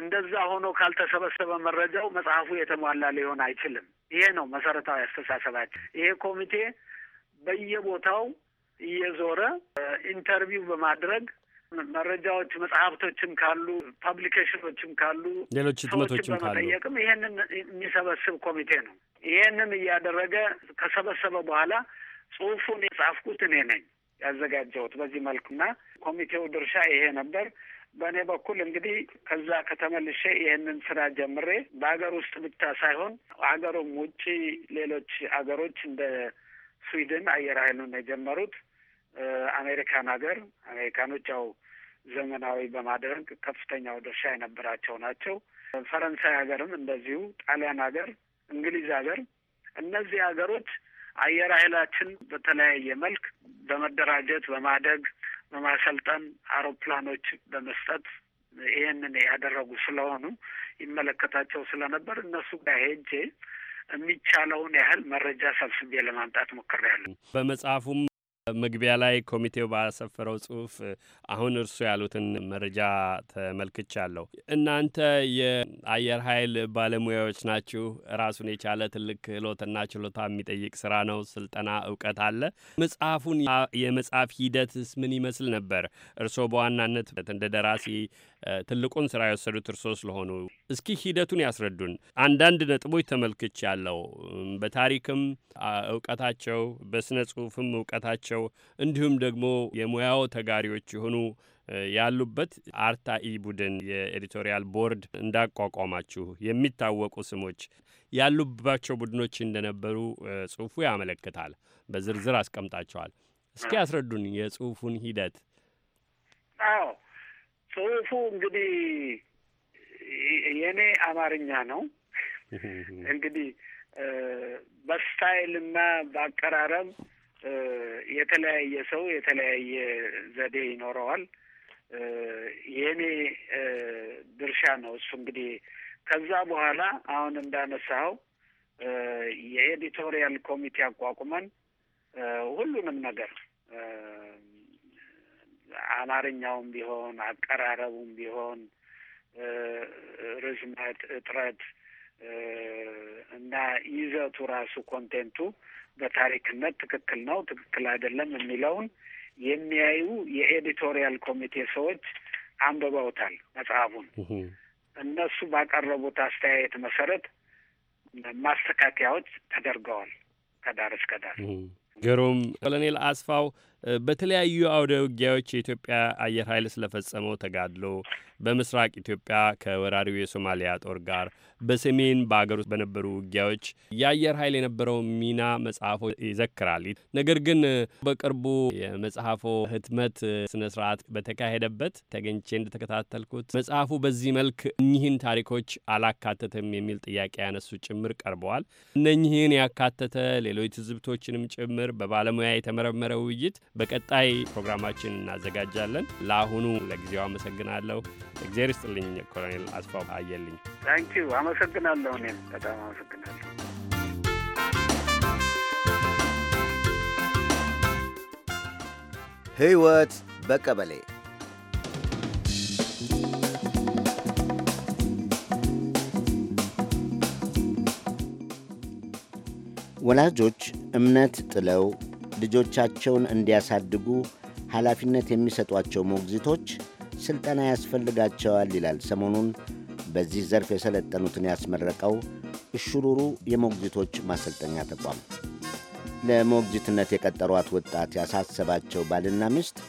እንደዛ ሆኖ ካልተሰበሰበ መረጃው መጽሐፉ የተሟላ ሊሆን አይችልም። ይሄ ነው መሰረታዊ አስተሳሰባችን። ይሄ ኮሚቴ በየቦታው እየዞረ ኢንተርቪው በማድረግ መረጃዎች፣ መጽሐፍቶችም ካሉ ፐብሊኬሽኖችም ካሉ ሌሎች ህትመቶችም በመጠየቅም ይሄንን የሚሰበስብ ኮሚቴ ነው። ይሄንን እያደረገ ከሰበሰበ በኋላ ጽሁፉን የጻፍኩት እኔ ነኝ ያዘጋጀሁት በዚህ መልኩና ኮሚቴው ድርሻ ይሄ ነበር። በእኔ በኩል እንግዲህ ከዛ ከተመልሼ ይህንን ስራ ጀምሬ በሀገር ውስጥ ብቻ ሳይሆን ሀገሩም ውጭ ሌሎች አገሮች እንደ ስዊድን አየር ኃይሉን የጀመሩት አሜሪካን ሀገር አሜሪካኖች ያው ዘመናዊ በማድረግ ከፍተኛው ድርሻ የነበራቸው ናቸው። ፈረንሳይ ሀገርም እንደዚሁ፣ ጣሊያን ሀገር፣ እንግሊዝ ሀገር እነዚህ ሀገሮች አየር ኃይላችን በተለያየ መልክ በመደራጀት በማደግ በማሰልጠን አውሮፕላኖች በመስጠት ይህንን ያደረጉ ስለሆኑ ይመለከታቸው ስለነበር እነሱ ጋር ሄጄ የሚቻለውን ያህል መረጃ ሰብስቤ ለማምጣት ሞክሬያለሁ። በመጽሐፉም መግቢያ ላይ ኮሚቴው ባሰፈረው ጽሁፍ አሁን እርሱ ያሉትን መረጃ ተመልክቻለሁ። እናንተ የአየር ኃይል ባለሙያዎች ናችሁ። ራሱን የቻለ ትልቅ ክህሎትና ችሎታ የሚጠይቅ ስራ ነው። ስልጠና፣ እውቀት አለ። መጽሐፉን የመጽሐፍ ሂደትስ ምን ይመስል ነበር? እርስዎ በዋናነት እንደ ደራሲ ትልቁን ስራ የወሰዱት እርሶ ስለሆኑ እስኪ ሂደቱን ያስረዱን። አንዳንድ ነጥቦች ተመልክች ያለው በታሪክም እውቀታቸው በስነ ጽሁፍም እውቀታቸው እንዲሁም ደግሞ የሙያው ተጋሪዎች የሆኑ ያሉበት አርታኢ ቡድን የኤዲቶሪያል ቦርድ እንዳቋቋማችሁ የሚታወቁ ስሞች ያሉባቸው ቡድኖች እንደነበሩ ጽሁፉ ያመለክታል። በዝርዝር አስቀምጣቸዋል። እስኪ ያስረዱን የጽሁፉን ሂደት። አዎ ጽሁፉ እንግዲህ የእኔ አማርኛ ነው። (laughs) እንግዲህ በስታይልና በአቀራረብ የተለያየ ሰው የተለያየ ዘዴ ይኖረዋል። የእኔ ድርሻ ነው እሱ እንግዲህ ከዛ በኋላ አሁን እንዳነሳኸው የኤዲቶሪያል ኮሚቴ አቋቁመን ሁሉንም ነገር አማርኛውም ቢሆን አቀራረቡም ቢሆን ርዝመት፣ እጥረት እና ይዘቱ ራሱ ኮንቴንቱ በታሪክነት ትክክል ነው፣ ትክክል አይደለም የሚለውን የሚያዩ የኤዲቶሪያል ኮሚቴ ሰዎች አንብበውታል መጽሐፉን። እነሱ ባቀረቡት አስተያየት መሰረት ማስተካከያዎች ተደርገዋል ከዳር እስከ ዳር። ግሩም ኮሎኔል አስፋው በተለያዩ አውደ ውጊያዎች የኢትዮጵያ አየር ኃይል ስለፈጸመው ተጋድሎ በምስራቅ ኢትዮጵያ ከወራሪው የሶማሊያ ጦር ጋር፣ በሰሜን በአገር ውስጥ በነበሩ ውጊያዎች የአየር ኃይል የነበረው ሚና መጽሐፎ ይዘክራል። ነገር ግን በቅርቡ የመጽሐፎ ህትመት ስነ ስርዓት በተካሄደበት ተገኝቼ እንደተከታተልኩት መጽሐፉ በዚህ መልክ እኚህን ታሪኮች አላካተተም የሚል ጥያቄ ያነሱ ጭምር ቀርበዋል። እነኚህን ያካተተ ሌሎች ትዝብቶችንም ጭምር በባለሙያ የተመረመረ ውይይት በቀጣይ ፕሮግራማችን እናዘጋጃለን። ለአሁኑ ለጊዜው አመሰግናለሁ። እግዜር ይስጥልኝ ኮሎኔል አስፋው አየልኝ። አመሰግናለሁ። እኔም በጣም አመሰግናለሁ። ህይወት በቀበሌ ወላጆች እምነት ጥለው ልጆቻቸውን እንዲያሳድጉ ኃላፊነት የሚሰጧቸው ሞግዚቶች ሥልጠና ያስፈልጋቸዋል ይላል ሰሞኑን በዚህ ዘርፍ የሰለጠኑትን ያስመረቀው እሽሩሩ የሞግዚቶች ማሰልጠኛ ተቋም። ለሞግዚትነት የቀጠሯት ወጣት ያሳሰባቸው ባልና ሚስት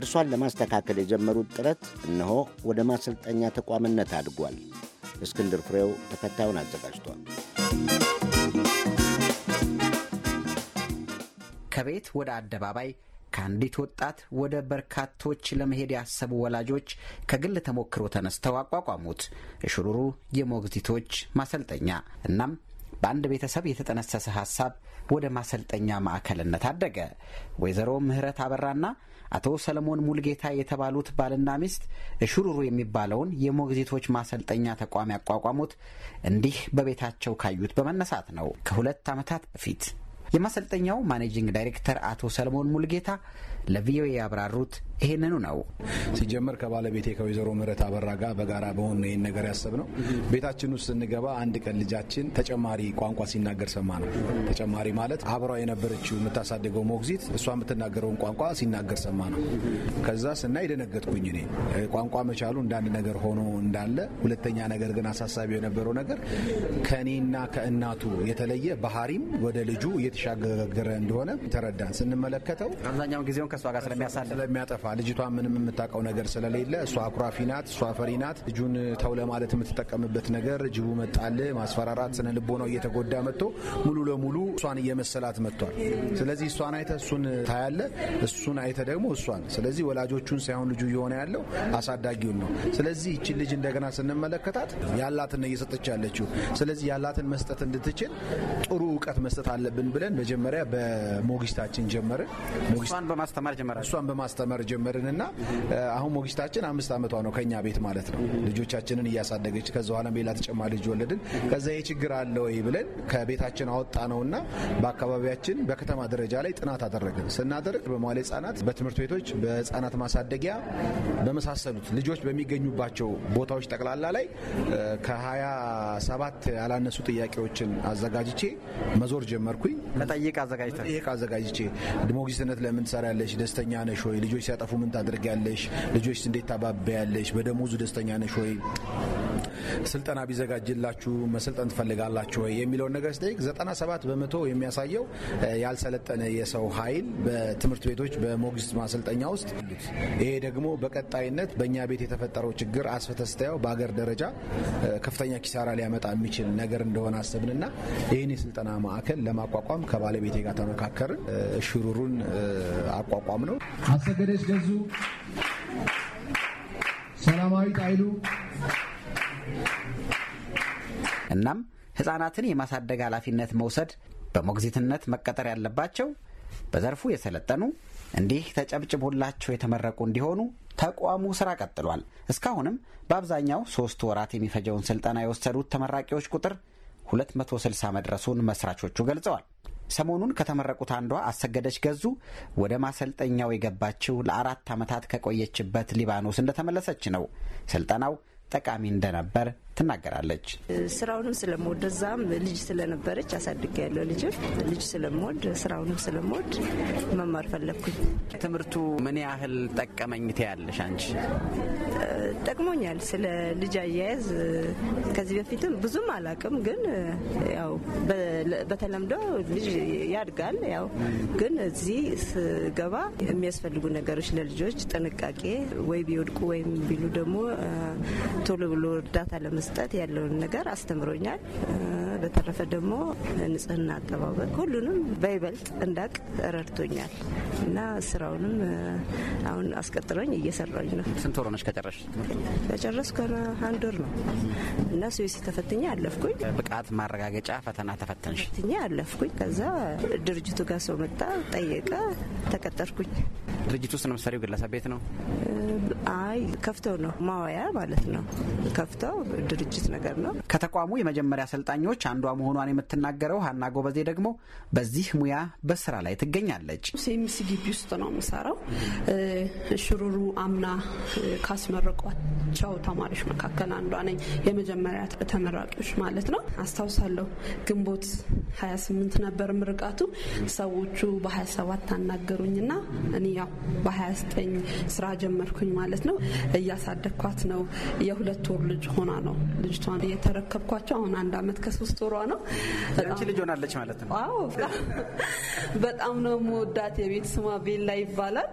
እርሷን ለማስተካከል የጀመሩት ጥረት እነሆ ወደ ማሰልጠኛ ተቋምነት አድጓል። እስክንድር ፍሬው ተከታዩን አዘጋጅቷል። ከቤት ወደ አደባባይ ከአንዲት ወጣት ወደ በርካቶች ለመሄድ ያሰቡ ወላጆች ከግል ተሞክሮ ተነስተው አቋቋሙት እሽሩሩ የሞግዚቶች ማሰልጠኛ። እናም በአንድ ቤተሰብ የተጠነሰሰ ሀሳብ ወደ ማሰልጠኛ ማዕከልነት አደገ። ወይዘሮ ምህረት አበራና አቶ ሰለሞን ሙልጌታ የተባሉት ባልና ሚስት እሹሩሩ የሚባለውን የሞግዚቶች ማሰልጠኛ ተቋም ያቋቋሙት እንዲህ በቤታቸው ካዩት በመነሳት ነው። ከሁለት ዓመታት በፊት የማሰልጠኛው ማኔጂንግ ዳይሬክተር አቶ ሰለሞን ሙልጌታ ለቪኦኤ ያብራሩት ይሄንኑ ነው። ሲጀመር ከባለቤቴ ከወይዘሮ ምህረት አበራ ጋር በጋራ በሆን ይህን ነገር ያሰብ ነው። ቤታችን ውስጥ ስንገባ አንድ ቀን ልጃችን ተጨማሪ ቋንቋ ሲናገር ሰማ ነው። ተጨማሪ ማለት አብሯ የነበረችው የምታሳድገው ሞግዚት እሷ የምትናገረውን ቋንቋ ሲናገር ሰማ ነው። ከዛ ስናይ ደነገጥኩኝ። እኔ ቋንቋ መቻሉ እንዳንድ ነገር ሆኖ እንዳለ፣ ሁለተኛ ነገር ግን አሳሳቢ የነበረው ነገር ከእኔና ከእናቱ የተለየ ባህሪም ወደ ልጁ እየተሻገረ እንደሆነ ተረዳን። ስንመለከተው አብዛኛውን ጊዜውን ከእሷ ጋር ስለሚያሳልፍ ስለሚያጠፋ ልጅቷ ምንም የምታውቀው ነገር ስለሌለ እሷ አኩራፊ ናት፣ እሷ ፈሪ ናት። ልጁን ተው ለማለት የምትጠቀምበት ነገር ጅቡ መጣል፣ ማስፈራራት፣ ስነ ልቦናው እየተጎዳ መጥቶ ሙሉ ለሙሉ እሷን እየመሰላት መጥቷል። ስለዚህ እሷን አይተ እሱን ታያለ፣ እሱን አይተ ደግሞ እሷን። ስለዚህ ወላጆቹን ሳይሆን ልጁ እየሆነ ያለው አሳዳጊውን ነው። ስለዚህ ይችን ልጅ እንደገና ስንመለከታት ያላትን እየሰጠች ያለችው። ስለዚህ ያላትን መስጠት እንድትችል ጥሩ እውቀት መስጠት አለብን ብለን መጀመሪያ በሞግዚታችን ጀመርን። እሷን በማስተማር ጀመራል። እሷን በማስተማር ጀመ ጀመርንና አሁን ሞግዚታችን አምስት ዓመቷ ነው ከኛ ቤት ማለት ነው። ልጆቻችንን እያሳደገች ከዛ ሌላ ተጨማሪ ልጅ ወለድን። ከዛ ይህ ችግር አለ ወይ ብለን ከቤታችን አወጣ ነውና በአካባቢያችን በከተማ ደረጃ ላይ ጥናት አደረግን። ስናደርግ በመዋለ ህጻናት፣ በትምህርት ቤቶች፣ በህጻናት ማሳደጊያ በመሳሰሉት ልጆች በሚገኙባቸው ቦታዎች ጠቅላላ ላይ ከሀያ ሰባት ያላነሱ ጥያቄዎችን አዘጋጅቼ መዞር ጀመርኩኝ። መጠይቅ አዘጋጅቼ ሞግዚትነት ለምን ያለች ደስተኛ ነሽ ወይ? ልጆች ሲያጠፉ ስትጻፉ ምን ታደርጊያለሽ? ልጆች እንዴት ታባቢያለሽ? በደሞዙ ደስተኛ ነሽ ወይ? ስልጠና ቢዘጋጅላችሁ መሰልጠን ትፈልጋላችሁ ወይ የሚለውን ነገር ስጠይቅ 97 በመቶ የሚያሳየው ያልሰለጠነ የሰው ኃይል በትምህርት ቤቶች በሞግዚት ማሰልጠኛ ውስጥ ይሄ ደግሞ በቀጣይነት በእኛ ቤት የተፈጠረው ችግር አስፈተስተያው በአገር ደረጃ ከፍተኛ ኪሳራ ሊያመጣ የሚችል ነገር እንደሆነ አስብንና ይህን የስልጠና ማዕከል ለማቋቋም ከባለቤቴ ጋር ተመካከርን። ሽሩሩን አቋቋም ነው። አሰገደች ገዙ፣ ሰላማዊት አይሉ እናም ህጻናትን የማሳደግ ኃላፊነት መውሰድ በሞግዚትነት መቀጠር ያለባቸው በዘርፉ የሰለጠኑ እንዲህ ተጨብጭቦላቸው የተመረቁ እንዲሆኑ ተቋሙ ስራ ቀጥሏል። እስካሁንም በአብዛኛው ሶስት ወራት የሚፈጀውን ስልጠና የወሰዱት ተመራቂዎች ቁጥር 260 መድረሱን መስራቾቹ ገልጸዋል። ሰሞኑን ከተመረቁት አንዷ አሰገደች ገዙ ወደ ማሰልጠኛው የገባችው ለአራት ዓመታት ከቆየችበት ሊባኖስ እንደተመለሰች ነው። ስልጠናው ጠቃሚ እንደነበር ትናገራለች። ስራውንም ስለምወድ እዛም ልጅ ስለነበረች አሳድግ ያለው ልጅም ልጅ ስለምወድ ስራውንም ስለምወድ መማር ፈለግኩኝ። ትምህርቱ ምን ያህል ጠቀመኝ ትያለሽ አንቺ? ጠቅሞኛል። ስለ ልጅ አያያዝ ከዚህ በፊትም ብዙም አላቅም፣ ግን ያው በተለምዶ ልጅ ያድጋል። ያው ግን እዚህ ስገባ የሚያስፈልጉ ነገሮች ለልጆች ጥንቃቄ፣ ወይ ቢወድቁ ወይም ቢሉ ደግሞ ቶሎ ብሎ እርዳታ ለመስ መስጠት ያለውን ነገር አስተምሮኛል። በተረፈ ደግሞ ንጽህና አጠባበቅ ሁሉንም በይበልጥ እንዳቅ ረድቶኛል እና ስራውንም አሁን አስቀጥሎኝ እየሰራኝ ነው። ስንት ወር ሆነሽ ከጨረሽ? ከጨረስኩ አንድ ወር ነው እና ስዊስ ተፈትኜ አለፍኩኝ። ብቃት ማረጋገጫ ፈተና ተፈተንሽ? ተፈትኜ አለፍኩኝ። ከዛ ድርጅቱ ጋር ሰው መጣ ጠየቀ፣ ተቀጠርኩኝ። ድርጅት ውስጥ ነው የምትሰሪው? ግለሰብ ቤት ነው? አይ ከፍተው ነው ማዋያ ማለት ነው። ከፍተው ድርጅት ነገር ነው። ከተቋሙ የመጀመሪያ አሰልጣኞች አንዷ መሆኗን የምትናገረው ሀና ጎበዜ ደግሞ በዚህ ሙያ በስራ ላይ ትገኛለች። ሴሚስ ግቢ ውስጥ ነው የምሰራው። ሽሩሩ አምና ካስመረቋቸው ተማሪዎች መካከል አንዷ ነኝ። የመጀመሪያ ተመራቂዎች ማለት ነው። አስታውሳለሁ ግንቦት 28 ነበር ምርቃቱ። ሰዎቹ በ27 አናገሩኝና እኔ ያው በ29 ስራ ጀመርኩኝ ማለት ነው። እያሳደግኳት ነው። የሁለት ወር ልጅ ሆና ነው ልጅቷን የተረከብኳቸው። አሁን አንድ አመት ከሶስት ስቶሯ ነው። ያንቺ ልጅ ሆናለች ማለት ነው። አዎ በጣም ነው የምወዳት። የቤት ስሟ ቤላ ይባላል።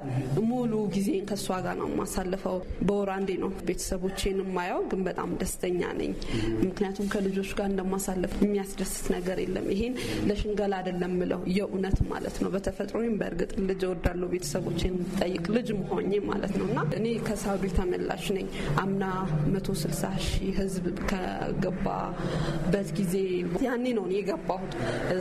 ሙሉ ጊዜን ከእሷ ጋር ነው የማሳልፈው። በወር አንዴ ነው ቤተሰቦቼን የማየው፣ ግን በጣም ደስተኛ ነኝ። ምክንያቱም ከልጆች ጋር እንደማሳልፍ የሚያስደስት ነገር የለም። ይሄን ለሽንገላ አይደለም ምለው የእውነት ማለት ነው። በተፈጥሮም በእርግጥ ልጅ እወዳለሁ። ቤተሰቦቼን ጠይቅ ልጅ መሆኜ ማለት ነው እና እኔ ከሳዱ ተመላሽ ነኝ። አምና መቶ ስልሳ ሺህ ህዝብ ከገባበት ጊዜ ያኔ ነው የገባሁት።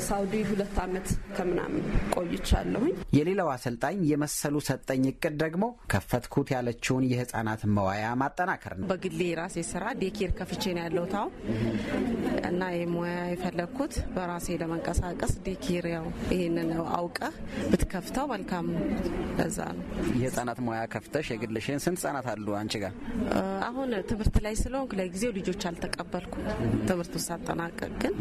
ሳውዲ ሁለት ዓመት ከምናምን ቆይቻለሁኝ። የሌላው አሰልጣኝ የመሰሉ ሰጠኝ እቅድ ደግሞ ከፈትኩት ያለችውን የህጻናት መዋያ ማጠናከር ነው። በግሌ የራሴ ስራ ዴኬር ከፍቼ ነው ያለሁት አሁን እና ሙያ የፈለግኩት በራሴ ለመንቀሳቀስ ዴኬር ያው ይህንን አውቀህ ብትከፍተው መልካም ለዛ ነው የህጻናት ሙያ ከፍተሽ የግልሽን። ስንት ህጻናት አሉ አንቺ ጋር? አሁን ትምህርት ላይ ስለሆንኩ ለጊዜው ልጆች አልተቀበልኩም። ውስጥ አጠናቀቅ ግን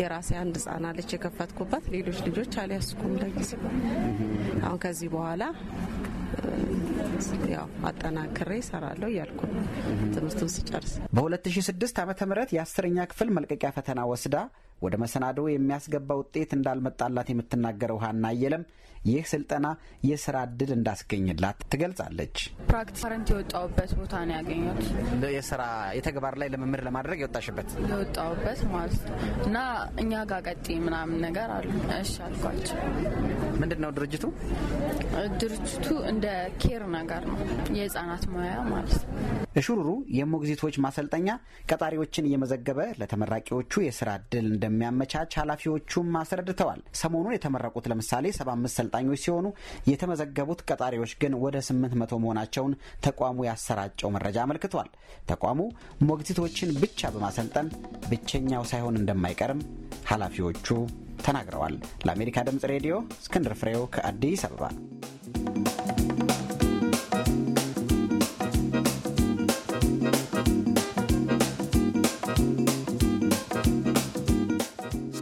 የራሴ አንድ ህጻን አለች የከፈትኩበት፣ ሌሎች ልጆች አልያዝኩም ለጊዜው። አሁን ከዚህ በኋላ ያው አጠናክሬ እሰራለሁ እያልኩ ትምህርቱን ስጨርስ በ2006 ዓ ም የአስረኛ ክፍል መልቀቂያ ፈተና ወስዳ ወደ መሰናዶ የሚያስገባ ውጤት እንዳልመጣላት የምትናገረው ሀና አየለም ይህ ስልጠና የስራ እድል እንዳስገኝላት ትገልጻለች። ፕራክቲስ ረንት የወጣውበት ቦታ ነው ያገኘት። የስራ የተግባር ላይ ልምምድ ለማድረግ የወጣሽበት የወጣውበት ማለት ነው እና እኛ ጋር ቀጤ ምናምን ነገር አሉ። እሺ አልኳቸው። ምንድን ነው ድርጅቱ? ድርጅቱ እንደ ኬር ነገር ነው የህጻናት ሙያ ማለት ነው። እሹሩሩ የሞግዚቶች ማሰልጠኛ ቀጣሪዎችን እየመዘገበ ለተመራቂዎቹ የስራ እድል እንደሚያመቻች ኃላፊዎቹም አስረድተዋል። ሰሞኑን የተመረቁት ለምሳሌ ሰባ አምስት አሰልጣኞች ሲሆኑ የተመዘገቡት ቀጣሪዎች ግን ወደ ስምንት መቶ መሆናቸውን ተቋሙ ያሰራጨው መረጃ አመልክቷል። ተቋሙ ሞግዚቶችን ብቻ በማሰልጠን ብቸኛው ሳይሆን እንደማይቀርም ኃላፊዎቹ ተናግረዋል። ለአሜሪካ ድምፅ ሬዲዮ እስክንድር ፍሬው ከአዲስ አበባ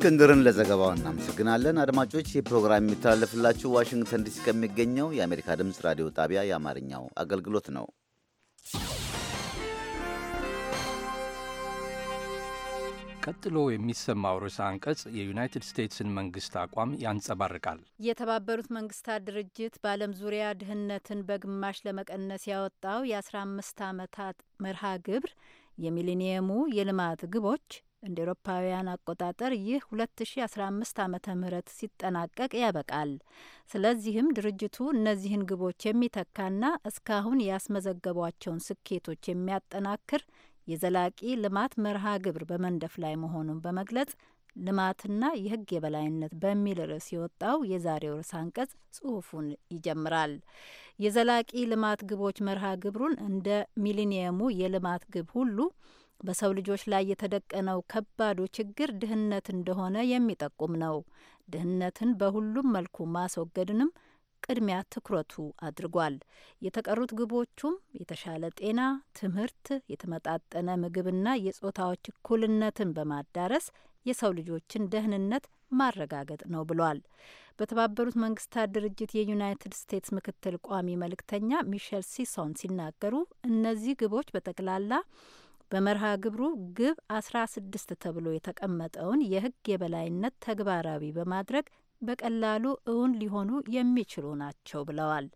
እስክንድርን ለዘገባው እናመሰግናለን። አድማጮች ይህ ፕሮግራም የሚተላለፍላችሁ ዋሽንግተን ዲሲ ከሚገኘው የአሜሪካ ድምፅ ራዲዮ ጣቢያ የአማርኛው አገልግሎት ነው። ቀጥሎ የሚሰማው ርዕሰ አንቀጽ የዩናይትድ ስቴትስን መንግስት አቋም ያንጸባርቃል። የተባበሩት መንግስታት ድርጅት በዓለም ዙሪያ ድህነትን በግማሽ ለመቀነስ ያወጣው የ15 ዓመታት መርሃ ግብር የሚሌኒየሙ የልማት ግቦች እንደ ኤሮፓውያን አቆጣጠር ይህ 2015 ዓ ም ሲጠናቀቅ ያበቃል። ስለዚህም ድርጅቱ እነዚህን ግቦች የሚተካና እስካሁን ያስመዘገቧቸውን ስኬቶች የሚያጠናክር የዘላቂ ልማት መርሃ ግብር በመንደፍ ላይ መሆኑን በመግለጽ ልማትና የሕግ የበላይነት በሚል ርዕስ የወጣው የዛሬው ርዕስ አንቀጽ ጽሑፉን ይጀምራል። የዘላቂ ልማት ግቦች መርሃ ግብሩን እንደ ሚሊኒየሙ የልማት ግብ ሁሉ በሰው ልጆች ላይ የተደቀነው ከባዱ ችግር ድህነት እንደሆነ የሚጠቁም ነው። ድህነትን በሁሉም መልኩ ማስወገድንም ቅድሚያ ትኩረቱ አድርጓል። የተቀሩት ግቦቹም የተሻለ ጤና፣ ትምህርት፣ የተመጣጠነ ምግብና የጾታዎች እኩልነትን በማዳረስ የሰው ልጆችን ደህንነት ማረጋገጥ ነው ብሏል። በተባበሩት መንግስታት ድርጅት የዩናይትድ ስቴትስ ምክትል ቋሚ መልእክተኛ ሚሸል ሲሶን ሲናገሩ እነዚህ ግቦች በጠቅላላ በመርሃ ግብሩ ግብ 16 ተብሎ የተቀመጠውን የህግ የበላይነት ተግባራዊ በማድረግ በቀላሉ እውን ሊሆኑ የሚችሉ ናቸው ብለዋል።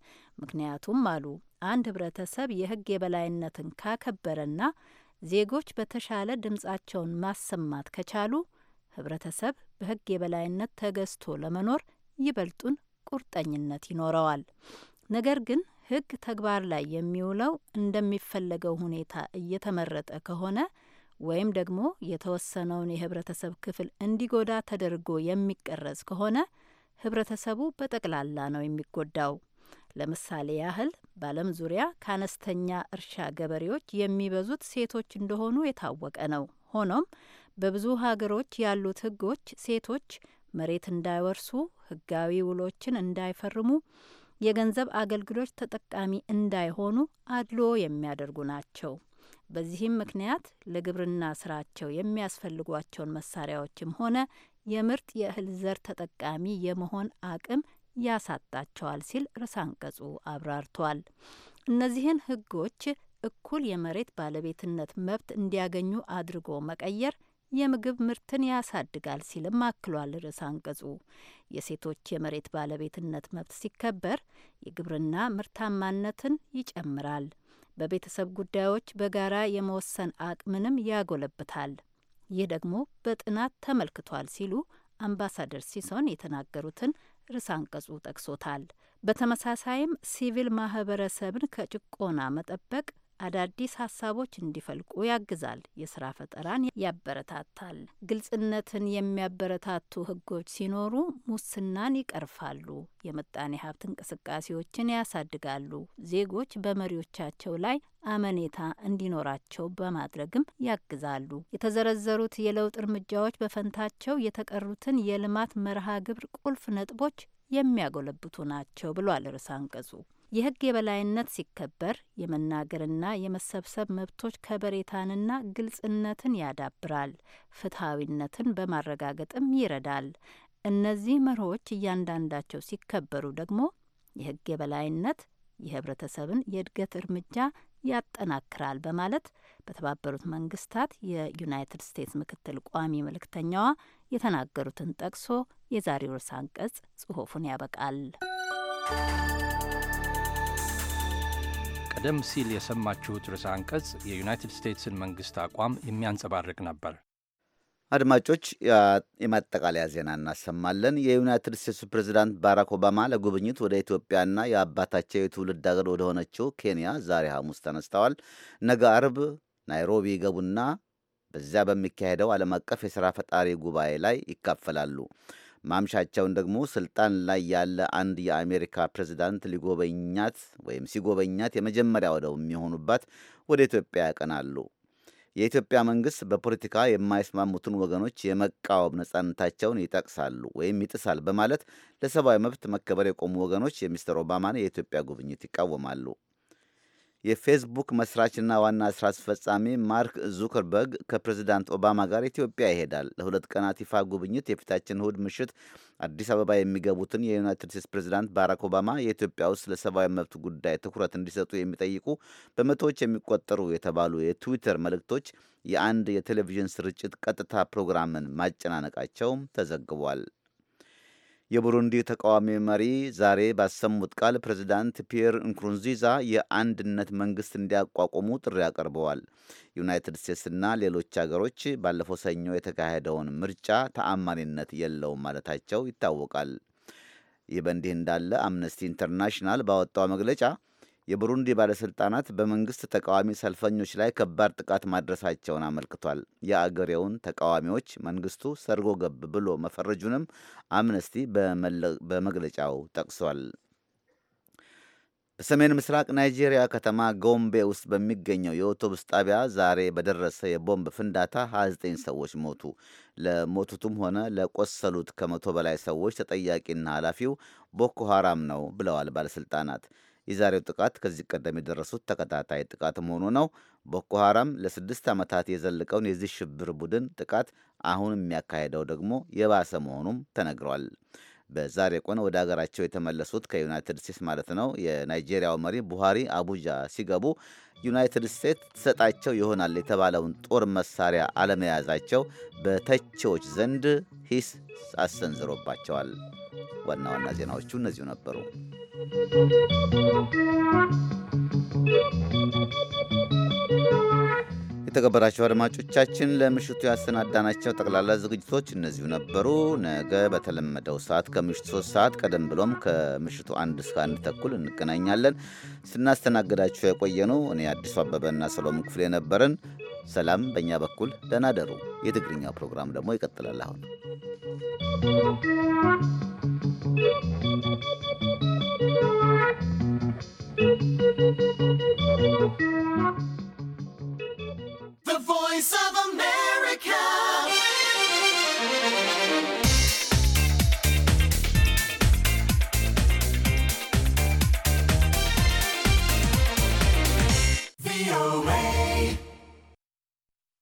ምክንያቱም አሉ አንድ ህብረተሰብ የህግ የበላይነትን ካከበረና ዜጎች በተሻለ ድምጻቸውን ማሰማት ከቻሉ ህብረተሰብ በህግ የበላይነት ተገዝቶ ለመኖር ይበልጡን ቁርጠኝነት ይኖረዋል። ነገር ግን ህግ ተግባር ላይ የሚውለው እንደሚፈለገው ሁኔታ እየተመረጠ ከሆነ ወይም ደግሞ የተወሰነውን የህብረተሰብ ክፍል እንዲጎዳ ተደርጎ የሚቀረጽ ከሆነ ህብረተሰቡ በጠቅላላ ነው የሚጎዳው። ለምሳሌ ያህል በዓለም ዙሪያ ከአነስተኛ እርሻ ገበሬዎች የሚበዙት ሴቶች እንደሆኑ የታወቀ ነው። ሆኖም በብዙ ሀገሮች ያሉት ህጎች ሴቶች መሬት እንዳይወርሱ፣ ህጋዊ ውሎችን እንዳይፈርሙ የገንዘብ አገልግሎች ተጠቃሚ እንዳይሆኑ አድሎ የሚያደርጉ ናቸው። በዚህም ምክንያት ለግብርና ስራቸው የሚያስፈልጓቸውን መሳሪያዎችም ሆነ የምርጥ የእህል ዘር ተጠቃሚ የመሆን አቅም ያሳጣቸዋል ሲል ርዕሰ አንቀጹ አብራርቷል። እነዚህን ህጎች እኩል የመሬት ባለቤትነት መብት እንዲያገኙ አድርጎ መቀየር የምግብ ምርትን ያሳድጋል ሲልም አክሏል። ርዕስ አንቀጹ የሴቶች የመሬት ባለቤትነት መብት ሲከበር የግብርና ምርታማነትን ይጨምራል፣ በቤተሰብ ጉዳዮች በጋራ የመወሰን አቅምንም ያጎለብታል። ይህ ደግሞ በጥናት ተመልክቷል ሲሉ አምባሳደር ሲሶን የተናገሩትን ርዕስ አንቀጹ ጠቅሶታል። በተመሳሳይም ሲቪል ማህበረሰብን ከጭቆና መጠበቅ አዳዲስ ሀሳቦች እንዲፈልቁ ያግዛል፣ የስራ ፈጠራን ያበረታታል። ግልጽነትን የሚያበረታቱ ህጎች ሲኖሩ ሙስናን ይቀርፋሉ፣ የምጣኔ ሀብት እንቅስቃሴዎችን ያሳድጋሉ፣ ዜጎች በመሪዎቻቸው ላይ አመኔታ እንዲኖራቸው በማድረግም ያግዛሉ። የተዘረዘሩት የለውጥ እርምጃዎች በፈንታቸው የተቀሩትን የልማት መርሃ ግብር ቁልፍ ነጥቦች የሚያጎለብቱ ናቸው ብሏል ርዕሰ አንቀጹ። የህግ የበላይነት ሲከበር የመናገርና የመሰብሰብ መብቶች ከበሬታንና ግልጽነትን ያዳብራል፣ ፍትሐዊነትን በማረጋገጥም ይረዳል። እነዚህ መርሆች እያንዳንዳቸው ሲከበሩ ደግሞ የህግ የበላይነት የህብረተሰብን የእድገት እርምጃ ያጠናክራል በማለት በተባበሩት መንግስታት የዩናይትድ ስቴትስ ምክትል ቋሚ መልእክተኛዋ የተናገሩትን ጠቅሶ የዛሬው ርዕሰ አንቀጽ ጽሑፉን ያበቃል። ቀደም ሲል የሰማችሁት ርዕሰ አንቀጽ የዩናይትድ ስቴትስን መንግሥት አቋም የሚያንጸባርቅ ነበር። አድማጮች፣ የማጠቃለያ ዜና እናሰማለን። የዩናይትድ ስቴትሱ ፕሬዚዳንት ባራክ ኦባማ ለጉብኝት ወደ ኢትዮጵያና የአባታቸው የትውልድ አገር ወደሆነችው ኬንያ ዛሬ ሐሙስ ተነስተዋል። ነገ አርብ ናይሮቢ ይገቡና በዚያ በሚካሄደው ዓለም አቀፍ የሥራ ፈጣሪ ጉባኤ ላይ ይካፈላሉ። ማምሻቸውን ደግሞ ስልጣን ላይ ያለ አንድ የአሜሪካ ፕሬዚዳንት ሊጎበኛት ወይም ሲጎበኛት የመጀመሪያ ወደው የሚሆኑባት ወደ ኢትዮጵያ ያቀናሉ። የኢትዮጵያ መንግስት በፖለቲካ የማይስማሙትን ወገኖች የመቃወም ነጻነታቸውን ይጠቅሳሉ ወይም ይጥሳል በማለት ለሰብአዊ መብት መከበር የቆሙ ወገኖች የሚስተር ኦባማን የኢትዮጵያ ጉብኝት ይቃወማሉ። የፌስቡክ መስራችና ዋና ስራ አስፈጻሚ ማርክ ዙከርበርግ ከፕሬዚዳንት ኦባማ ጋር ኢትዮጵያ ይሄዳል። ለሁለት ቀናት ይፋ ጉብኝት የፊታችን እሁድ ምሽት አዲስ አበባ የሚገቡትን የዩናይትድ ስቴትስ ፕሬዚዳንት ባራክ ኦባማ የኢትዮጵያ ውስጥ ለሰብአዊ መብት ጉዳይ ትኩረት እንዲሰጡ የሚጠይቁ በመቶዎች የሚቆጠሩ የተባሉ የትዊተር መልእክቶች የአንድ የቴሌቪዥን ስርጭት ቀጥታ ፕሮግራምን ማጨናነቃቸውም ተዘግቧል። የቡሩንዲ ተቃዋሚ መሪ ዛሬ ባሰሙት ቃል ፕሬዚዳንት ፒየር እንክሩንዚዛ የአንድነት መንግስት እንዲያቋቁሙ ጥሪ አቀርበዋል። ዩናይትድ ስቴትስና ሌሎች አገሮች ባለፈው ሰኞ የተካሄደውን ምርጫ ተአማኒነት የለውም ማለታቸው ይታወቃል። ይህ በእንዲህ እንዳለ አምነስቲ ኢንተርናሽናል ባወጣው መግለጫ የቡሩንዲ ባለሥልጣናት በመንግሥት ተቃዋሚ ሰልፈኞች ላይ ከባድ ጥቃት ማድረሳቸውን አመልክቷል። የአገሬውን ተቃዋሚዎች መንግሥቱ ሰርጎ ገብ ብሎ መፈረጁንም አምነስቲ በመግለጫው ጠቅሷል። በሰሜን ምስራቅ ናይጄሪያ ከተማ ጎምቤ ውስጥ በሚገኘው የአውቶቡስ ጣቢያ ዛሬ በደረሰ የቦምብ ፍንዳታ 29 ሰዎች ሞቱ። ለሞቱትም ሆነ ለቆሰሉት ከመቶ በላይ ሰዎች ተጠያቂና ኃላፊው ቦኮ ሃራም ነው ብለዋል ባለሥልጣናት። የዛሬው ጥቃት ከዚህ ቀደም የደረሱት ተከታታይ ጥቃት መሆኑ ነው። ቦኮ ሐራም ለስድስት ዓመታት የዘለቀውን የዚህ ሽብር ቡድን ጥቃት አሁን የሚያካሄደው ደግሞ የባሰ መሆኑም ተነግሯል። በዛሬ ቀን ወደ ሀገራቸው የተመለሱት ከዩናይትድ ስቴትስ ማለት ነው የናይጄሪያው መሪ ቡሃሪ አቡጃ ሲገቡ ዩናይትድ ስቴትስ ትሰጣቸው ይሆናል የተባለውን ጦር መሳሪያ አለመያዛቸው በተቺዎች ዘንድ ሂስ አሰንዝሮባቸዋል። ዋና ዋና ዜናዎቹ እነዚሁ ነበሩ። የተከበራችሁ አድማጮቻችን ለምሽቱ ያሰናዳናቸው ጠቅላላ ዝግጅቶች እነዚሁ ነበሩ። ነገ በተለመደው ሰዓት ከምሽቱ ሶስት ሰዓት ቀደም ብሎም ከምሽቱ አንድ እስከ አንድ ተኩል እንገናኛለን። የቆየ ነው እኔ አዲሱ አበበና ሰሎሞን ክፍሌ ነበርን። ሰላም በእኛ በኩል ደህና ደሩ። የትግርኛው ፕሮግራም ደግሞ ይቀጥላል። አሁን Thank you. The voice of America. The